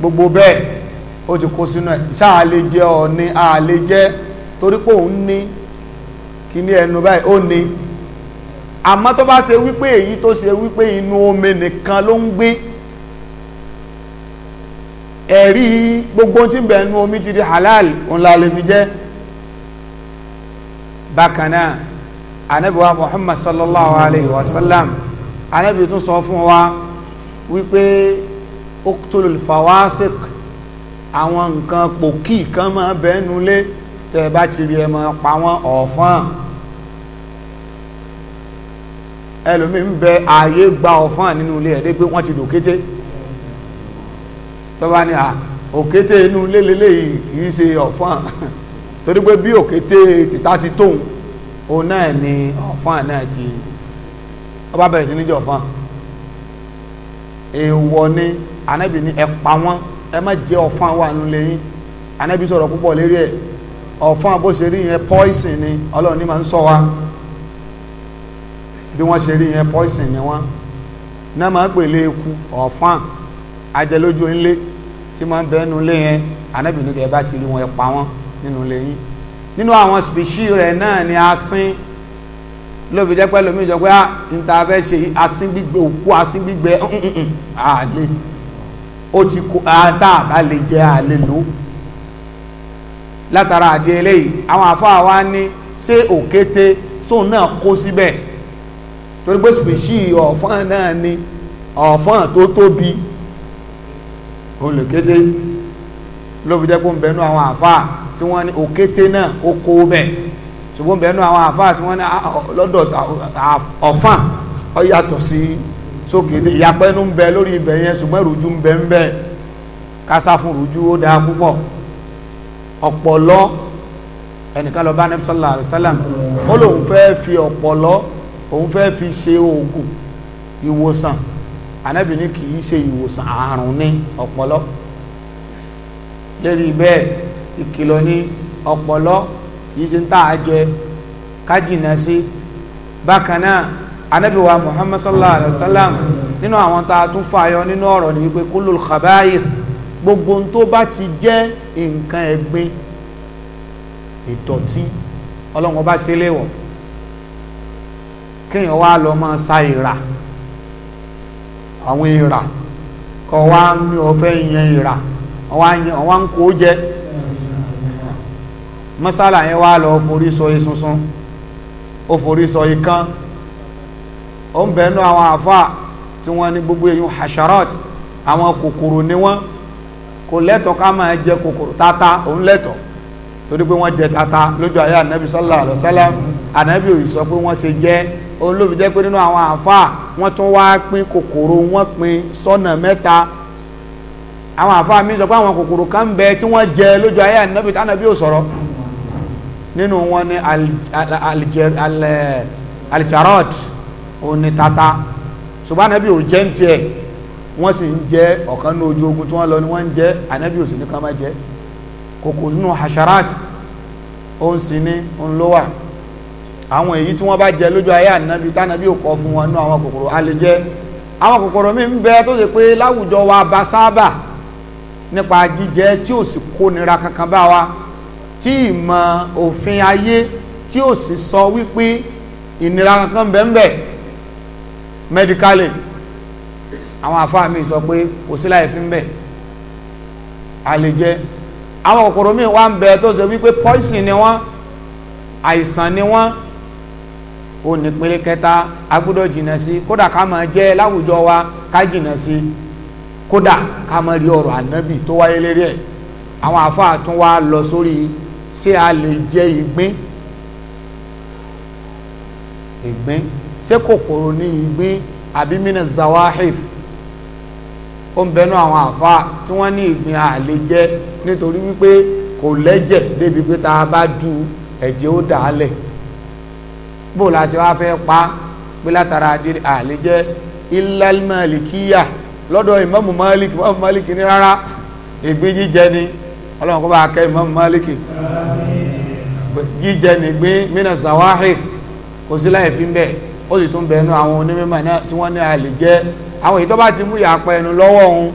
gbogbo bẹ́ẹ̀ ó ti kó sínú ẹ̀ sáà lè jẹ́ ọ̀ọ́ni àlẹ́ jẹ́ torí pé òun ní kíní ẹnu báyìí ó ní àmọ́ tó bá ṣe wípé èyí tó ṣe wípé inú omi nìkan ló ń gbé ẹ̀rí gbogbo tí bẹ̀ inú omi ti di halal ńlá lè fi jẹ́ bákan náà ànábì wa muhammad sallallahu alayhi wa sallam ànábì tún sọ fún wa wípé uqtulul fawasiq àwọn nǹkan pòkì kan máa bẹ́ẹ̀ nulẹ̀ tẹ́ bá ti rí ẹ máa pa wọ́n ọ̀fọ́n ẹlòmí ń bẹ ààyè gba ọ̀fán nínú ilé ẹ̀ pé wọ́n ti dò kété ni ní à òkété inú ilé yìí kì ṣe ọ̀fán <laughs> torí pé bí òkété tìta ti tóun òun náà ni ọ̀fán náà ti ọba bẹ̀rẹ̀ sí ní ọ̀fán ni anábì ẹ pa wọ́n ẹ má jẹ́ wà nínú ilé yín anábì sọ̀rọ̀ púpọ̀ lérí ẹ̀ ni ọlọ́run ní máa ń wa. bí wọ́n ṣe rí yẹn poison ni wọ́n náà máa pèlè eku ọ̀fán ajẹlójú ńlé tí máa ń bẹ nínú ilé yẹn anábì ní kẹ́ẹ̀ bá ti rí wọn ẹ pa wọn nínú ilé yín nínú àwọn spèṣí rẹ̀ náà ni asín lóbi jẹ́ pẹ́ lómi ìjọba ah, níta fẹ́ ṣe asín gbígbẹ òkú asín gbígbẹ àlè ó ti kó ata àbá lè jẹ àlè ló látara àdé eléyìí àwọn àfáà wa ní ṣé òkété sóun náà kó síbẹ̀ torí pé spèṣì ọ̀fọ́n náà ni ọ̀fọ́n tó tóbi olùkété ló fi jẹ́ kó ń bẹnu àwọn àfáà tí wọ́n ní òkété náà ó kó bẹ̀ ṣùgbọ́n bẹnu àwọn àfáà tí wọ́n ní ah, ah, ah, lọ́dọ̀ ọ̀fọ́n ó yàtọ̀ sí sókété ìyapẹ́nu ń bẹ lórí ibẹ̀ yẹn ṣùgbọ́n ìrújú ń bẹ ń bẹ kásá fún ìrújú ó dáa púpọ̀ ọ̀pọ̀lọ́ ẹnìkan lọ bá nẹ́bí sallallahu alaihi wasallam ó lóun fẹ́ fi ọ̀pọ̀lọ́ òun fẹ́ fi ṣe oògùn ìwòsàn ànábì ní kì í ṣe ìwòsàn àrùn ní ọpọlọ lérí bẹ́ẹ̀ ìkìlọ̀ ní ọpọlọ kì í ṣe ń tà á jẹ kájìnà sí bákan náà ànábì wa muhammad sallallahu alayhi wa sallam nínú àwọn tá a tún fààyọ nínú ọ̀rọ̀ ni wípé kullul khaba'ith gbogbo ohun tó bá ti jẹ́ nǹkan ẹ̀gbin ìdọ̀tí ọlọ́run ọba ṣe léwọ̀n kéèyàn wá lọ máa sa ìrà àwọn ìrà kọ wá ní ọfẹ́ yẹn ìrà wọ́n ń kó jẹ́ sọ isunsun ó forí sọ ikán ó ń bẹ̀ẹ́nu àwọn àfáà tí wọ́n ní gbogbo èyàn hasharat àwọn kòkòrò ni wọ́n kò lẹ́tọ̀ ká máa jẹ kòkòrò tata òun lẹ́tọ̀ torí pé wọ́n olóbi jẹ́ pé nínú àwọn àáfàá wọ́n tún wá pín kòkòrò wọ́n pín sọ́nà mẹ́ta àwọn àáfàá mi sọ pé àwọn kòkòrò kan ń bẹ tí wọ́n jẹ lójú ayé ànábì tánàbí ò sọ̀rọ̀ nínú wọn ni aljarot òní tata ṣùgbọ́n ànábì ò jẹ́ ń tiẹ̀ wọ́n sì ń jẹ ọ̀kan ní ojú ogun tí wọ́n lọ ni wọ́n ń jẹ ànábì ò sì ní ká má jẹ kòkòrò nínú hasharat òun sì ní òun ló àwọn èyí tí wọ́n bá jẹ lójú ayé ànábi tánábi ò kọ́ fún wọn nú àwọn kòkòrò a lè jẹ àwọn kòkòrò mi ń bẹ tó ṣe pé láwùjọ wa bá sábà nípa jíjẹ tí ò sì kó nira kankan bá wa tí ìmọ̀ òfin ayé tí ò sì sọ wípé ìnira kankan bẹ́ẹ̀ mẹ́díkálì àwọn àfáà mi sọ pé kò sí láì fi ń bẹ̀ a àwọn kòkòrò mi wá ń bẹ tó ṣe wípé poison ni wọ́n àìsàn ni wọ́n ó ní pele kẹta a gbọ́dọ̀ jìnnà sí kódà ká máa jẹ́ láwùjọ wa ká jìnnà sí kódà ká máa rí ọ̀rọ̀ ànábì tó wáyé lérí ẹ̀ àwọn àfáà tún wá lọ sórí ṣé a lè jẹ ìgbín ìgbín ṣé kòkòrò ní ìgbín àbí mina zawahif ó ń bẹnu àwọn àfáà tí wọ́n ní ìgbín a lè jẹ nítorí wípé kò lẹ́jẹ̀ débi pé tá a bá du ẹ̀jẹ̀ ó dà á lẹ̀ bó la ṣe wá fẹ́ pa pé látara adìrẹ àlejẹ illal malikiya lọ́dọ̀ ìmáàmù malik ìmáàmù malik ní rárá ìgbín jíjẹ ni ọlọ́run kó bá kẹ́ ìmáàmù malik jíjẹ ni gbín mina zawahir kò sí láì fi ń bẹ̀ ó sì tún bẹ̀ ẹnu àwọn onímọ̀ náà tí wọ́n ní àlejẹ àwọn èyí tó bá ti mú ìyàpá ẹnu lọ́wọ́ òun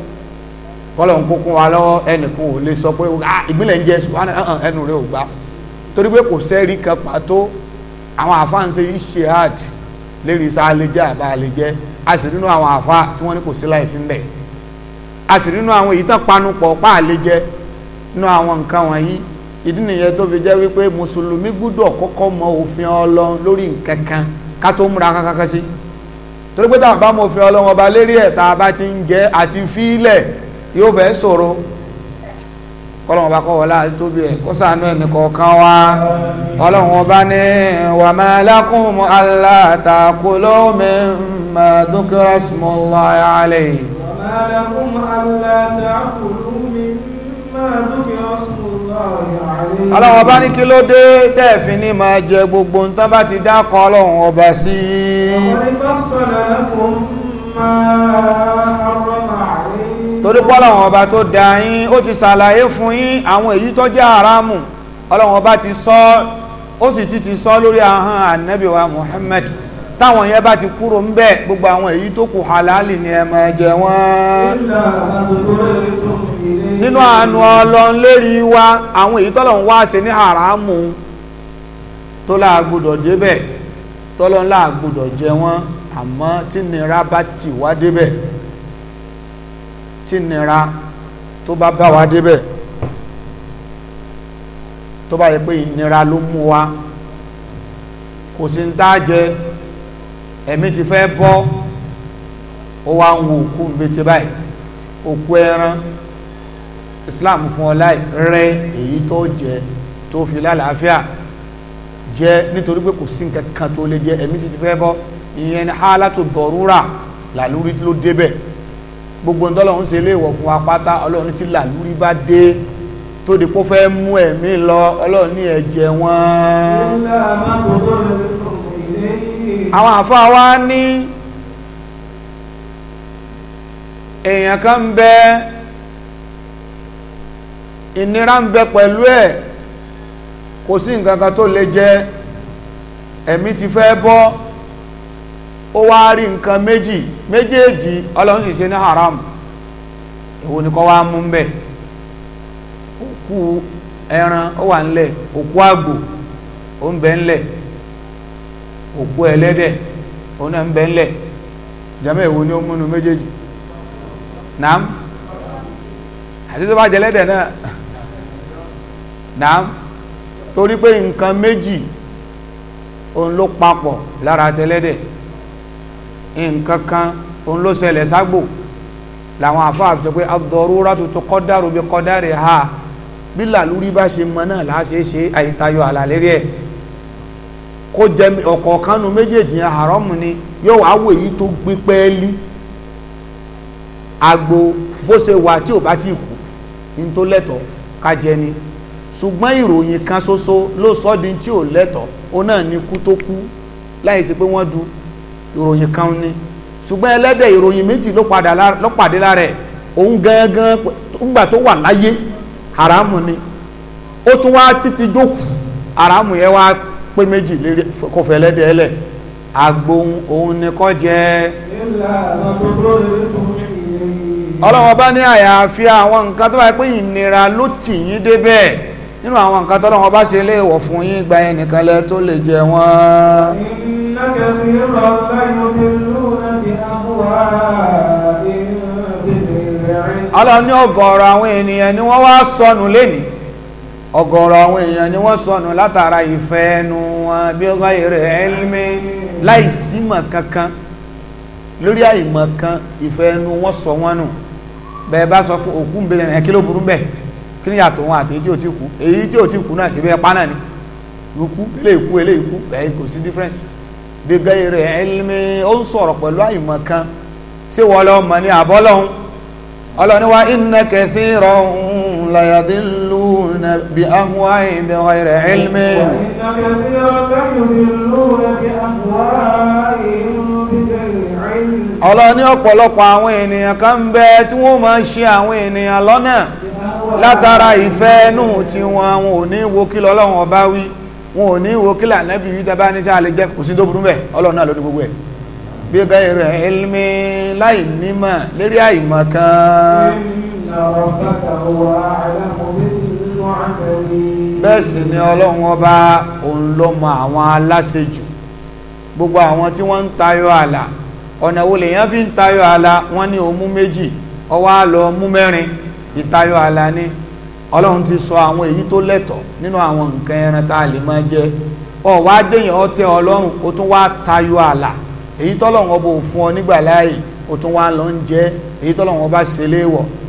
kọ́lọ̀n kó kún wa lọ́wọ́ ẹnìkan ò lè sọ pé ah, ìgbìnlẹ̀ ń jẹ ẹnu rẹ̀ ò gbá torí pé kò sẹ́rí kan pàtó àwọn àfa ń ṣe ishihad lérí isa alẹ́jẹ́ àbá alẹ́jẹ́ a sì nínú àwọn àfa tí wọ́n ní kò sí láì fi ń bẹ̀ a sì nínú àwọn èyí tán panupọ̀ pa àlẹ́jẹ́ nínú àwọn nǹkan wọ̀nyí ìdí nìyẹn tó fi jẹ́ wípé mùsùlùmí gbúdọ̀ kọ́kọ́ mọ òfin Ọlọ́run lórí nǹkan kan ká tó múra kankan sí torí pé táwọn bá mọ òfin Ọlọ́run ọba lérí ẹ̀ tá a bá ti ń jẹ́ àti fílẹ̀ yóò fẹ́ sọ̀rọ̀ kọlọ́n ọba kọ́ wọlá àti tóbi ẹ̀ kó sànú ẹnì kọ̀ọ̀kan wa ọlọ́run ọba ní wàmà lakum alla ta'kulu mimma dhukira ismullahi alayhi. wàmà lakum alla ta'kulu mimma dhukira ismullahi alayhi. ọlọ́run ọba ní kí ló dé tẹ́ẹ̀fín ní máa jẹ gbogbo nǹkan bá ti dákọ̀ ọlọ́run ọba sí i. ọ̀rẹ́ bá sọ̀rọ̀ lẹ́kọ̀ọ́ máa torí pé ọlọ́run ọba tó dá yín ó ti ṣàlàyé fún yín àwọn èyí tó jẹ́ haramu ọlọ́run ọba ti sọ ó sì ti ti sọ lórí ahọ́n ànábì wa Muhammad táwọn yẹn bá ti kúrò ń bẹ̀ gbogbo àwọn èyí tó kù halali ni ẹ máa jẹ wọ́n. nínú àánú ọlọ́run lérí wa àwọn èyí tọ́lọ́run wá ṣe ní haramu tó láàgbọ́dọ̀ débẹ̀ tọ́lọ́run láàgbọ́dọ̀ jẹ wọ́n àmọ́ tí nira bá ti wá débẹ̀ tí nira tó bá bá wa débẹ̀ tó bá yẹ pé ìnira ló mú wa kò sí ń tá jẹ ẹ̀mí ti fẹ́ bọ́ ó wá ń wo òkú mbete báyìí òkú ẹran Islam fún ọ láì rẹ èyí tó jẹ tó fi lálàáfíà jẹ nítorí pé kò sí nǹkan kan tó lè jẹ ẹ̀mí sì ti fẹ́ bọ́ ìyẹn ni hálà tó dọ̀rúrà làlúrí ló débẹ̀ gbogbo ń tọ́lọ́run ṣe ilé ìwọ̀ fún wa pátá ọlọ́run ti là lórí bá dé tó di kó fẹ́ mú ẹ̀mí lọ ọlọ́run ní ẹ̀jẹ̀ wọn. àwọn àfáà wa ní èèyàn kan ń bẹ ìnira ń bẹ pẹ̀lú ẹ̀ kò sí nǹkan kan tó lè jẹ ẹ̀mí ti fẹ́ bọ́. ó wá rí nǹkan méjì méjèèjì ọlọ́run sì ṣe ní haram èwo ni kọ́ wá mú bẹ́ẹ̀ òkú ẹran ó wà ńlẹ̀ òkú àgbò ó ń bẹ ńlẹ̀ òkú ẹlẹ́dẹ̀ ó náà ń bẹ ńlẹ̀ jẹ́mọ́ èwo ni ó múnu méjèèjì nàám àti tó bá jẹ náà nàám torí pé nǹkan méjì òun ló papọ̀ lára tẹlẹ́dẹ̀ nǹkan kan òun ló ṣẹlẹ̀ ságbò làwọn àfáà sọ pé ad-daruratu tuqaddaru bi qadariha bí làlúrí bá ṣe mọ náà láṣeéṣe àyíntayọ àlàlérí ẹ̀ kó jẹ ọ̀kọ̀ọ̀kanu méjèèjì yẹn haramu ni yóò wá wò èyí tó gbé pẹ́ẹ́lí agbo bó ṣe wà tí ò bá ti kú ní tó lẹ́tọ̀ọ́ ká jẹ ni ṣùgbọ́n ìròyìn kan ṣoṣo ló sọ́ di tí ò lẹ́tọ̀ọ́ ó náà ní kú tó kú láì ṣe pé wọ́n du ìròyìn kan ni ṣùgbọ́n ẹlẹ́dẹ̀ ìròyìn méjì ló pàdé lára ẹ̀ òun gangan ńgbà tó wà láyé haramu ni ó tún wá títí dókù haramu yẹn wá pé méjì lérí kọfẹ́ ẹlẹ́dẹ̀ òun ni kọ́ jẹ́ bá ní àyàfi àwọn nǹkan tó bá pé ìnira كثيرا ليضلون بأهوائهم ọlọ́run ní àwọn ènìyàn ni wọ́n wá sọnù lénìí ọ̀gọ̀ọ̀rọ̀ àwọn èèyàn ni wọ́n sọnù látara ìfẹ́ ẹnu wọn bí ọgá rẹ̀ ẹlẹ́mẹ́ láìsí mọ̀kankan lórí àìmọ̀kan ìfẹ́ ẹnu wọ́n sọ wọn nù bẹ́ẹ̀ bá sọ fún òkú nbẹ̀rẹ̀ ẹ̀ kí ló burú bẹ́ẹ̀ kí ni yàtọ̀ wọn àti èyí tí ò ti kú èyí tí ò ti kú náà ṣe pa náà ni ikú eléyìí kú eléyìí kú bẹ́ẹ̀ kò sí difference bigayri ilmi ó ń sọ̀rọ̀ pẹ̀lú àìmọ̀ kan ṣé wọ́n lọ́ mọ̀ ní àbọ́lọ́hún ọlọ́ni wa inna kathiran la yadilluna bi ahwa'ihim bigayri ilmi. ọlọ́ni ọ̀pọ̀lọpọ̀ àwọn ènìyàn kan ń bẹ tí wọ́n máa ń ṣe àwọn ènìyàn lọ́nà látara ìfẹ́ wo kí wí. wọn ò ní wo kílà nẹ́bí yìí tẹ́ bá ní kò sí tó bẹ́ẹ̀ ọlọ́run náà ló ní gbogbo ẹ̀ bí ó gẹ́yẹ rẹ̀ ẹlmi láì nímọ̀ lérí àìmọ̀ kan. bẹ́ẹ̀ sì ni ọlọ́run ọba òun ló mọ àwọn aláṣejù gbogbo àwọn tí wọ́n ń tayọ àlà ọ̀nà wo lèèyàn fi ń tayọ àlà wọ́n ní òun mú méjì ọwọ́ á mú mẹ́rin ìtayọ àlà ni ọlọ́run ti sọ àwọn èyí tó lẹ́tọ̀ọ́ nínú àwọn nǹkan ẹran tá a lè máa jẹ ọ wá déyàn ọ tẹ ọlọ́run o tún wá tayọ àlà èyí tọ́lọ́run ọba ò fún ọ nígbà láàyè o tún wá lọ ń jẹ èyí tọ́lọ́run ọba ṣe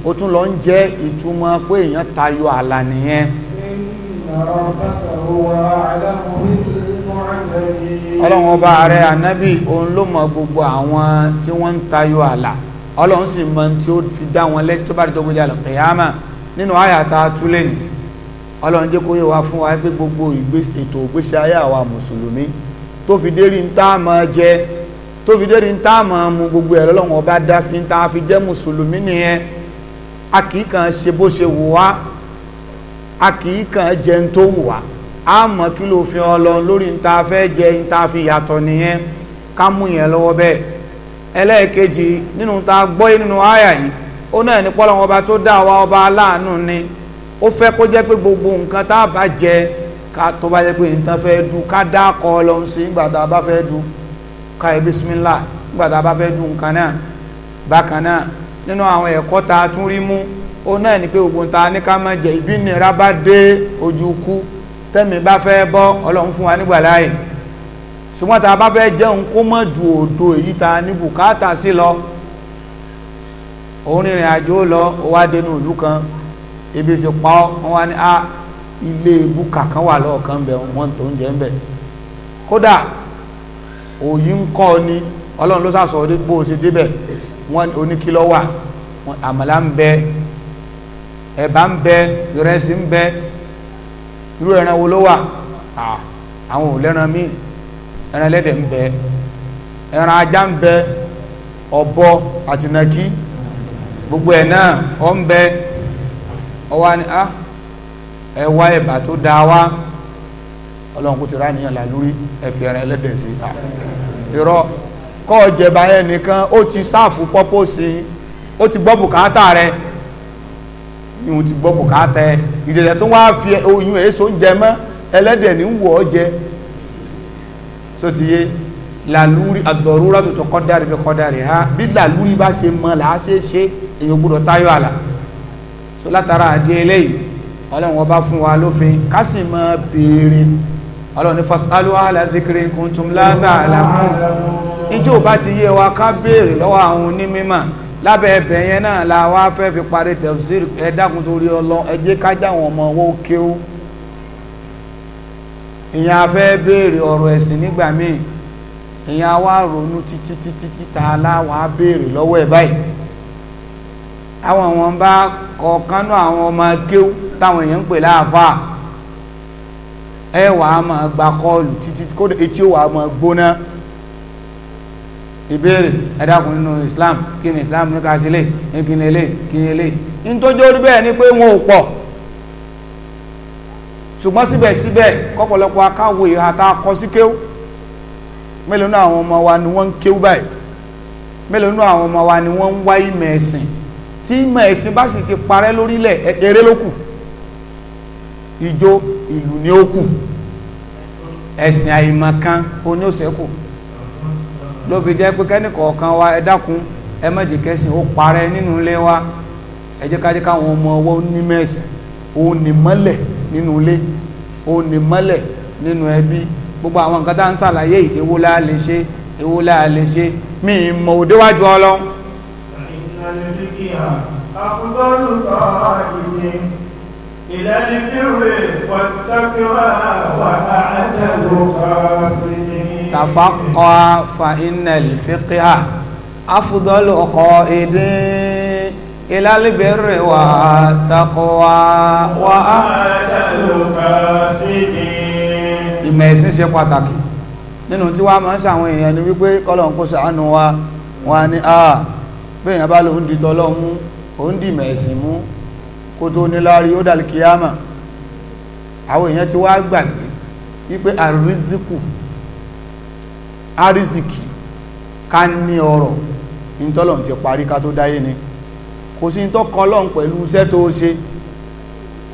o tún lọ ń jẹ ìtumọ̀ pé èèyàn tayọ àlà nìyẹn. ọlọ́run ọba ààrẹ ànábì òun ló mọ gbogbo àwọn tí wọ́n ń tayọ àlà ọlọ́run sì mọ tí ó fi dá wọn lẹ́jọ́ tó bá rí tó gbé jà lọ kẹ̀yàmà nínú àyàtà túlẹ̀ ni ọlọ́run jẹ́ kó yẹ wá fún wa pé gbogbo ètò ìgbésí ayé àwa mùsùlùmí tó fi dérí ń tá máa jẹ tó fi dérí ń tá máa mu gbogbo ẹ̀rọ lọ́wọ́n ọba dá sí ń tá fi jẹ́ mùsùlùmí nìyẹn a kì í kàn ṣe bó ṣe wù wá a kì í kàn jẹ ń tó wù wá a mọ̀ kí ló fi ọlọ́run lórí ń tá fẹ́ jẹ ń tá fi yàtọ̀ nìyẹn ká mú yẹn lọ́wọ́ bẹ́ẹ̀ ẹlẹ́ẹ̀kejì nínú ta gbọ́yé nínú àyà yìí ó náà ní pọ́lọ́ ọba tó dá wa ọba aláàánú ni ó fẹ́ kó jẹ́ pé gbogbo nǹkan tá a bá jẹ ká tó bá jẹ́ pé nǹkan fẹ́ du ká dá kọ́ ọ lọ́hún sí nígbà tá a bá fẹ́ du ká ẹ bísímìlá nígbà tá a bá fẹ́ du nǹkan náà bákan náà nínú àwọn ẹ̀kọ́ tá a tún rí mú ó náà ní pé gbogbo ta ní ká má jẹ ìbínira bá dé ojú kú tẹ́mi bá fẹ́ bọ́ ọlọ́run fún wa nígbà láàyè ṣùgbọ́n tá a bá fẹ́ jẹun kó mọ̀ du òdo èyí ta ní bùkátà sí lọ òun àjò lọ wá kan ebi tí pa ọ́ wá ní a ah, ilé búkà kan wà lọ́ọ̀kan bẹ̀ wọ́n tó ń jẹ́ ń bẹ̀ kódà ni ọlọ́run ló sàsọ bó o ṣe débẹ̀ wọ́n oníkìlọ́ wà àmàlà ń bẹ ẹ̀bà ń bẹ ìrẹsì ń bẹ irú ẹran wo ló wà ah, àwọn ò lẹ́ran míì ẹran ẹlẹ́dẹ̀ ń bẹ ẹran ajá ń bẹ ọ̀bọ gbogbo ẹ̀ náà ọ ń bẹ ọwá ni a ah, ẹ wá ẹ̀bà tó da wá ọlọ́run kò ti rá nìyàn lálórí ẹ̀fì ẹran ẹlẹ́dẹ̀ sí ah, irọ́ kọ́ ọ̀jẹ̀bà yẹn nìkan ó ti sáàfù pọ́pọ́ sí i ó ti gbọ́ bùkátà rẹ ìhun ti gbọ́ bùkátà ẹ ìṣẹ̀lẹ̀ tó wá fi oyún èso ń jẹ mọ́ ẹlẹ́dẹ̀ ní wù ọ́ jẹ tó ti yé làlúrí àdọ̀rúrà tó tọkọ́ dárí bí kọ́ dárí ha bí làlúrí bá ṣe mọ́ làá ṣe ṣe èyí gbúdọ̀ táyọ̀ àlà so látara àdí eléyìí ọlọ́run ọba fún wa lófin ká sì máa béèrè ọlọ́run ní fasalu ala zikiri kuntum láta àlàmú níjẹ́ ò bá ti yé wa ká béèrè lọ́wọ́ àwọn onímọ̀ lábẹ́ ẹbẹ̀ yẹn náà la wá fẹ́ fi parí tafsir ẹ dákun torí ọlọ ẹ jẹ́ ká jáwọn ọmọ owó kéwú ìyẹn a fẹ́ béèrè ọ̀rọ̀ ẹ̀sìn nígbà míì ìyẹn a wá ronú títí títí tá a lá wàá béèrè lọ́wọ́ ẹ̀ báyìí àwọn wọn bá kọ̀ọ̀kan náà àwọn ọmọ kéw táwọn èèyàn ń pè láàfà ẹ wà á máa gba kọ́ọ̀lù títí kódà etí ó wà á máa gbóná ìbéèrè ẹ nínú Islam kí ni Islam ní ká sílẹ̀ kí ni eléyìí kí ni eléyìí nítorí orí bẹ́ẹ̀ ni pé wọn ò pọ̀ ṣùgbọ́n síbẹ̀síbẹ̀ kọ́pọ̀lọpọ̀ akáwò ìhà tá a kọ sí kéw mélòó náà àwọn ọmọ wa ni wọ́n ń kéw báyìí mélòó náà àwọn ọmọ wa ni wọ́n ń wáyé mẹ́sìn tí ìmọ̀ ẹ̀sìn bá sì ti parẹ́ lórílẹ̀ eré ló kù ìjó ìlú ni ó kù ẹ̀sìn àìmọ̀kan oní òsẹ́kù ló fi jẹ́ pé kẹ́nìkọ̀ọ̀kan wa ẹ dákun ó parẹ́ nínú ilé wa ẹ jẹ́ ká jẹ́ káwọn ọmọ ọwọ́ onímọ̀ ẹ̀sìn onímọ̀lẹ̀ nínú ilé onímọ̀lẹ̀ nínú ẹbí gbogbo àwọn nǹkan tá ń ṣàlàyé ìdíwó láà lè ṣe ìwó láà lè ṣe mí ìmọ̀ òdéwájú ọlọ́run أفضل قائد إلى البر والتقوى وأعدل قاصد تفقه فإن الفقه أفضل قائد إلى البر والتقوى وأحسن قاصد ìmọ̀ ẹ̀sìn ṣe pàtàkì nínú tí wàá máa ń ṣàwọn èèyàn ni wípé kọ́lọ̀ ń kó ṣàánú wa wọn ni a bẹ́yàn bá lòun di tọ́lọ́ mú òun di mẹ̀ẹ̀sìn mú kó tó níláàrí ó dàlì kíyàmà àwọn èèyàn ti wá gbàgbé wípé àrísìkù àrísìkì ká ní ọrọ̀ ìtọ́lọ̀ ti parí ká tó dáyé ni kò sí tó kọlọ́n pẹ̀lú iṣẹ́ tó ṣe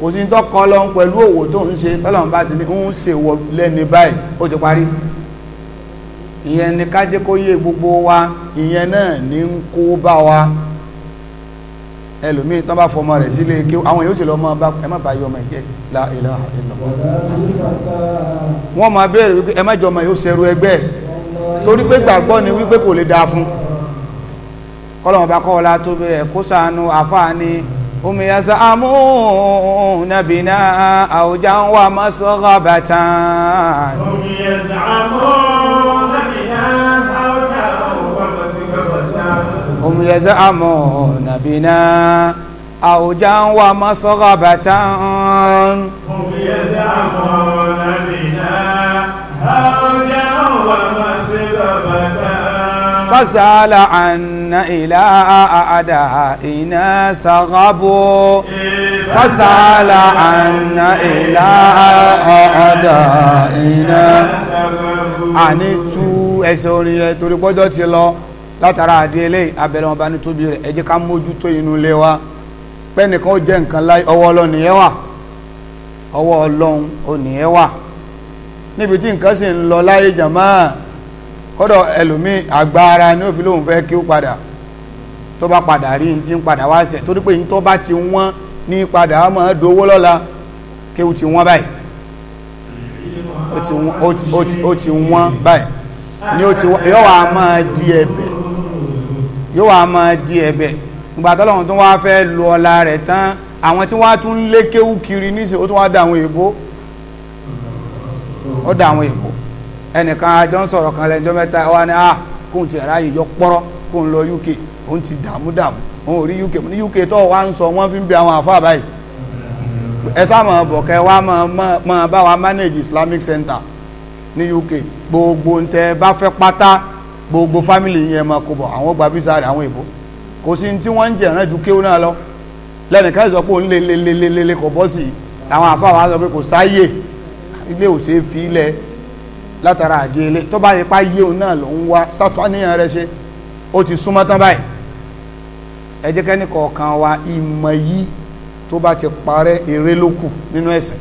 kò sí tó kọlọ́n pẹ̀lú òwò tó ń ṣe tọ́lọ̀ bá ti ní ń ṣe wọ lẹ́ni báyìí ó ti parí ìyẹn ni ká jẹ́ kó yé gbogbo wa ìyẹn náà ní ń kó bá wa ẹlòmíì tán bá fọmọ rẹ̀ sílé kí àwọn yóò sì lọ mọ bá ẹ bá yọ ìjẹ́ la ilaha illallah wọ́n máa béèrè wípé ẹ má jọ ọmọ yóò ṣẹrú ẹgbẹ́ torí pé gbàgbọ́ ni wípé kò lè dáa fún kọ́lọ́mọba kọ́ọ̀lá tó bẹ̀rẹ̀ kó sànù àfáà ni هم يزعمون بنا أوجا ومصغبة هم يزعمون يزعمون بنا أوجا ومصغبة هم يزعمون بنا أوجا ومصغبة فسأل عنا إلى أعدائنا سغبوا فسأل عنا إلى أعدائنا àní tú ẹsẹ̀ orin yẹn torí gbọ́dọ̀ ti lọ látara àdé eléyìí abẹ́lẹ́ wọn bá ní tóbi rẹ̀ ẹ jẹ́ ká mójútó inú ilé wa pẹ́nìkan ó jẹ́ nǹkan láì ọwọ́ ọlọ́run nìyẹn wà ọwọ́ ọlọ́run ò nìyẹn wà níbi tí nǹkan sì ń lọ láyé jàmáà kọ́dọ̀ ẹlòmíì àgbà ni ó fi lóun fẹ́ kí ó padà tó bá padà rí ní ti ń padà wá sẹ̀ torí pé ní tó bá ti wọ́n ní padà á máa dowó lọ́la kí ó ti wọ́n báyìí ó ti wọ́n báyìí ni ó ti wọ́n yóò wá máa di ẹ̀bẹ̀ yóò wá máa di ẹ̀bẹ̀ ìgbà tọ́lọ́run tó wá fẹ́ lu ọlá rẹ̀ tán àwọn tí wọ́n á tún lé kéwú kiri nísìnyí ó tún wá dá àwọn èèbó ó dá àwọn èèbó ẹnìkan àjọ ń sọ̀rọ̀ kan lẹ́jọ́ mẹ́ta wá ní ah kóun ti rà yìí yọ pọ́rọ́ kóun lọ UK òun ti dààmú dààmú òun ò rí UK ní UK tó wá ń sọ wọ́n fi ń bẹ àwọn àfáà báyìí ẹ sáàmọ̀ bọ̀kẹ́ wa máa bá wa manage Islamic Center ní UK gbogbo ń tẹ bá fẹ́ pátá gbogbo fámìlì yẹn máa kó bọ̀ àwọn gba visa rẹ̀ àwọn èbó kò sí tí wọ́n ń jẹ̀ ẹ̀rán ju kéwọ́n náà lọ lẹ́nìkan sọ pé òun lè lè lè lè lè kò bọ́ sí i làwọn àpá wa sọ pé kò sáyè ilé ò fi ilẹ̀ látara àdé ilé tó bá yẹ pa yé òun náà ló ń wá sátọ́ níyàn rẹ ṣe ó ti súnmọ́ tán báyìí ẹ jẹ́ kẹ́ni kọ̀ọ̀kan wa ìmọ̀ yìí tó bá ti parẹ́ eré lókù nínú ẹ̀sìn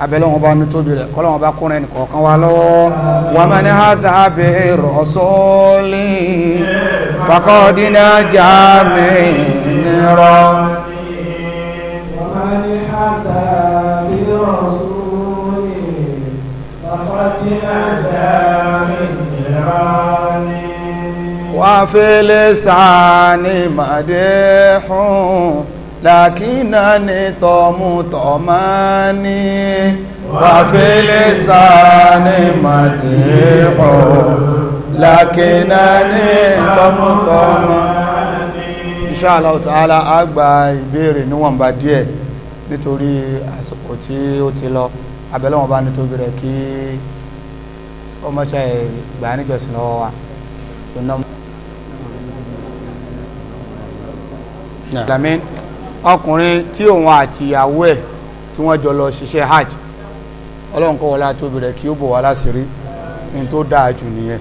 abẹ́lẹ́wọ̀n bá nu tóbi rẹ̀ kọ́lọ́wọ̀n bá kúnra ẹnì kọ̀ọ̀kan wa lọ́wọ́ wà máa ní hàzà abẹ́ rọ̀sọ́ọ́lì fakọ́dínà jàmẹ́ nírọ̀. وفي لساني مديح lakinani tọmu tọmani wafilisani madihọ lakinani tọmu tọmani. inshallah ta'ala a gba ìbéèrè níwọ̀nba díẹ̀ nítorí àsìkò tí ó ti lọ abẹ́lẹ́ wọn bá nítorí rẹ̀ kí ọmọọṣẹ́ ìgbà níjọsìn lọ́wọ́ wa. Amen. ọkùnrin tí òun àti ìyàwó tí wọ́n jọ lọ ṣiṣẹ́ hajj ọlọ́run kọ́ wọlé àti obìnrin kí ó bò wá láṣìírí ní tó dáa jù nìyẹn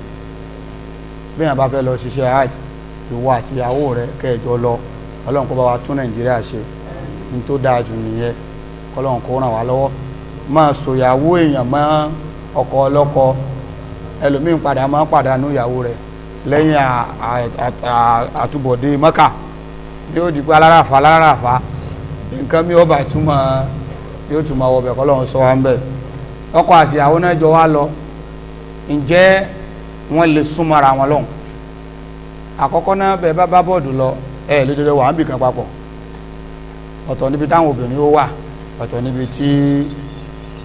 bí yàn bá fẹ́ lọ ṣiṣẹ́ hajj ìwọ àti ìyàwó rẹ kẹjọ lọ bá wa tún nàìjíríà ṣe ní tó dáa jù nìyẹn ràn wá so ìyàwó èèyàn ọkọ ẹlòmíín padà pàdánù ìyàwó rẹ yóò di pé aláràfà aláràfà nǹkan mi ò bá túmọ̀ yóò túmọ̀ wọ bẹ̀ kọ́lọ́hún sọ wọn bẹ̀ ọkọ àti ìyàwó náà jọ wá lọ ǹjẹ́ wọ́n lè súnmọ́ ara wọn lọ́hùn àkọ́kọ́ náà bẹ́ẹ̀ bá bá bọ́ọ̀dù lọ ẹ ẹ̀ lójoojúmọ́ wà ń bì kan papọ̀ ọ̀tọ̀ níbi táwọn obìnrin ó wà ọ̀tọ̀ níbi tí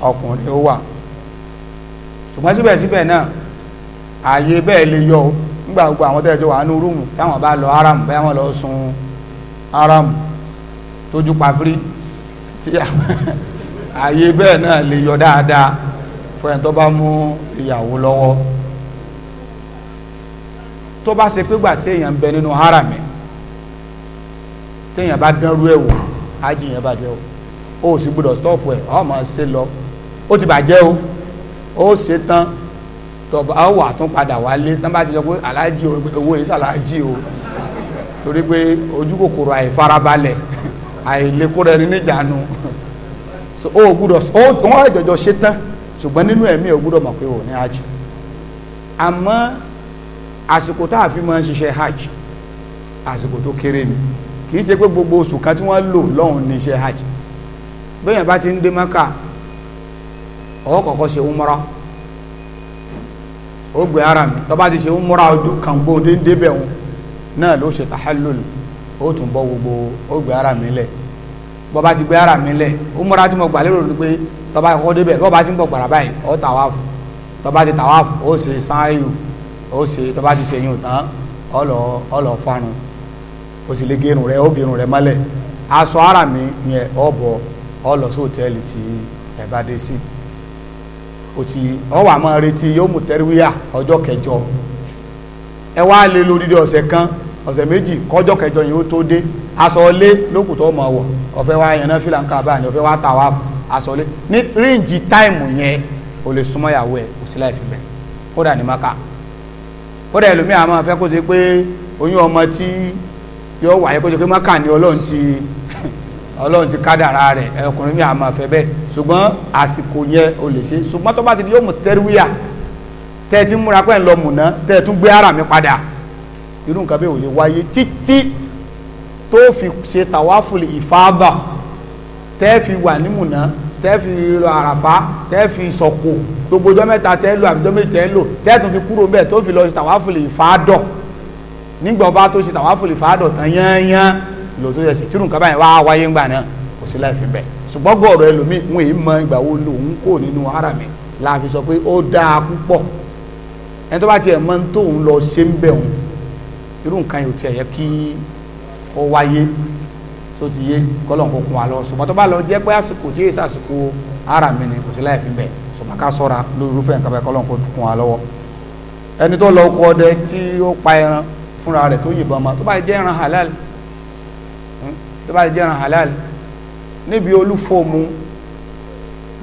ọkùnrin ó wà ṣùgbọ́n síbẹ̀síbẹ̀ náà ààyè bẹ́ẹ̀ lè yọ nígbà gbogbo àwọn tẹ́lẹ̀ tó wà nínú rúùmù táwọn bá lọ áramù bẹ́ẹ̀ wọ́n lọ sun haram tójú pàfírí tí <laughs> ààyè bẹ́ẹ̀ náà lè yọ dáadáa fún ẹni tó bá mú ìyàwó lọ́wọ́ tó bá ṣe pé gbà téèyàn ń bẹ nínú haram ẹ̀ téèyàn bá dánrú ẹ̀ wò ájì yẹn bàjẹ́ o ó sì gbọ́dọ̀ stọ́ọ̀pù ẹ̀ ọmọ ṣe lọ ó ti bàjẹ́ o ó ṣe tán tọ́ba ó wà tún padà wálé tán bá ti sọ pé aláàjì owó yìí ṣàlàjì o. torí pé ojú àìfarabalẹ̀ àìlekóra ẹni níjànú ó gbúdọ̀ wọ́n àjọjọ ṣe tán ṣùgbọ́n nínú ẹ̀mí ò gbúdọ̀ mọ̀ pé ò ní hajj àmọ́ àsìkò tá a fi máa ń ṣiṣẹ́ hajj àsìkò tó kéré ni kì í ṣe gbogbo oṣù kan tí wọ́n lò lọ́hùn ní iṣẹ́ ti ń dé ṣe ó ara mi tó bá ti ṣe umra ọdún kan náà ló ṣe tahallul ó tún bọ́ gbogbo ó gbé ara mi lẹ̀ bọ́ bá ti gbé ara mi lẹ̀ ó múra tí mo gbà lérò ni pé tọ́ba kọ́kọ́ débẹ̀ bọ́ bá ti ń bọ̀ gbàrà báyìí ó tàwáfù tọ́ba ti tàwáfù ó ṣe sáyù ó ṣe tọ́ba ti ṣe yùn tán ọlọ ọlọ fanu ó sì lè gerun rẹ ó gerun rẹ mọ́lẹ̀ aṣọ ara mi yẹn ọ̀bọ ọlọ sí hòtẹ́ẹ̀lì tí ẹ bá dé sí ó ti ọwọ́ àmọ́ retí yóò mú tẹ́ríwíyà ọjọ́ kẹjọ ẹ wá lé lórí ọ̀sẹ̀ kan ọ̀sẹ̀ méjì kọjọ́ kẹjọ yìí ó tó dé aṣọ ilé lókùtọ ọmọ wọ ọfẹ wa yẹn náà fìlà ń kà báyìí ọfẹ wa tà wá aṣọ ilé ní ríǹjì táìmù yẹn o lè súnmọ́ ìyàwó ẹ kò sí láì fi kódà ní maka kódà ẹlòmíà máa fẹ́ kó ṣe pé oyún ọmọ tí yóò wáyé kó ṣe pé maka ni Ọlọ́run ti <laughs> Ọlọ́run ti kádàrá rẹ̀ ọkùnrin mi à máa fẹ́ bẹ́ẹ̀ ṣùgbọ́n àsìkò yẹn o lè ṣe ṣùgbọ́n tó bá ti di yóò mú tẹríwíyà tẹ ẹ ti múra pẹ́ ń lọ mùná tẹ ẹ tún gbé ara mi padà irú nǹkan bẹ́ẹ̀ ò lè wáyé títí tó fi ṣe tàwáfùlì ìfáàdà tẹ́ fi wà ní múná tẹ́ fi lọ àràfá tẹ́ fi sọ̀kò gbogbo ọjọ́ mẹ́ta tẹ́ lò àbíjọ́ méjì tẹ́ lò tẹ́ tún fi kúrò bẹ́ẹ̀ tó fi lọ ṣe tàwáfùlì ìfáàdọ̀ nígbà ọba tó ṣe tàwáfùlì ìfáàdọ̀ tán yányán lò tó yẹ sí tírù nǹkan báyìí wá wáyé ńgbà náà kò sí láì bẹ́ẹ̀ ṣùgbọ́n gọ̀ọ̀rọ̀ ẹlòmíì wọn èyí mọ ìgbà wo lòun kò la fi sọ pé ó dáa púpọ̀ ẹni tó bá irú nǹkan yìí ò tiẹ̀ yẹ kí ó wáyé tó ti yé kọ́lọ̀ kó kún wa lọ ṣùgbọ́n tó bá lọ jẹ́ pé àsìkò tí èsì àsìkò ara mi ni kò sí láì fi bẹ̀ ṣùgbọ́n ká sọ́ra lórí irúfẹ́ nǹkan bẹ́ẹ̀ kọ́lọ̀ kún wa lọ́wọ́ ẹni tó lọ kọ ọdẹ tí ó pa ẹran fúnra rẹ̀ tó yìnbọn ma tó bá jẹ́ ẹran halal hmm, tó bá jẹ́ ẹran halal níbi olúfòmù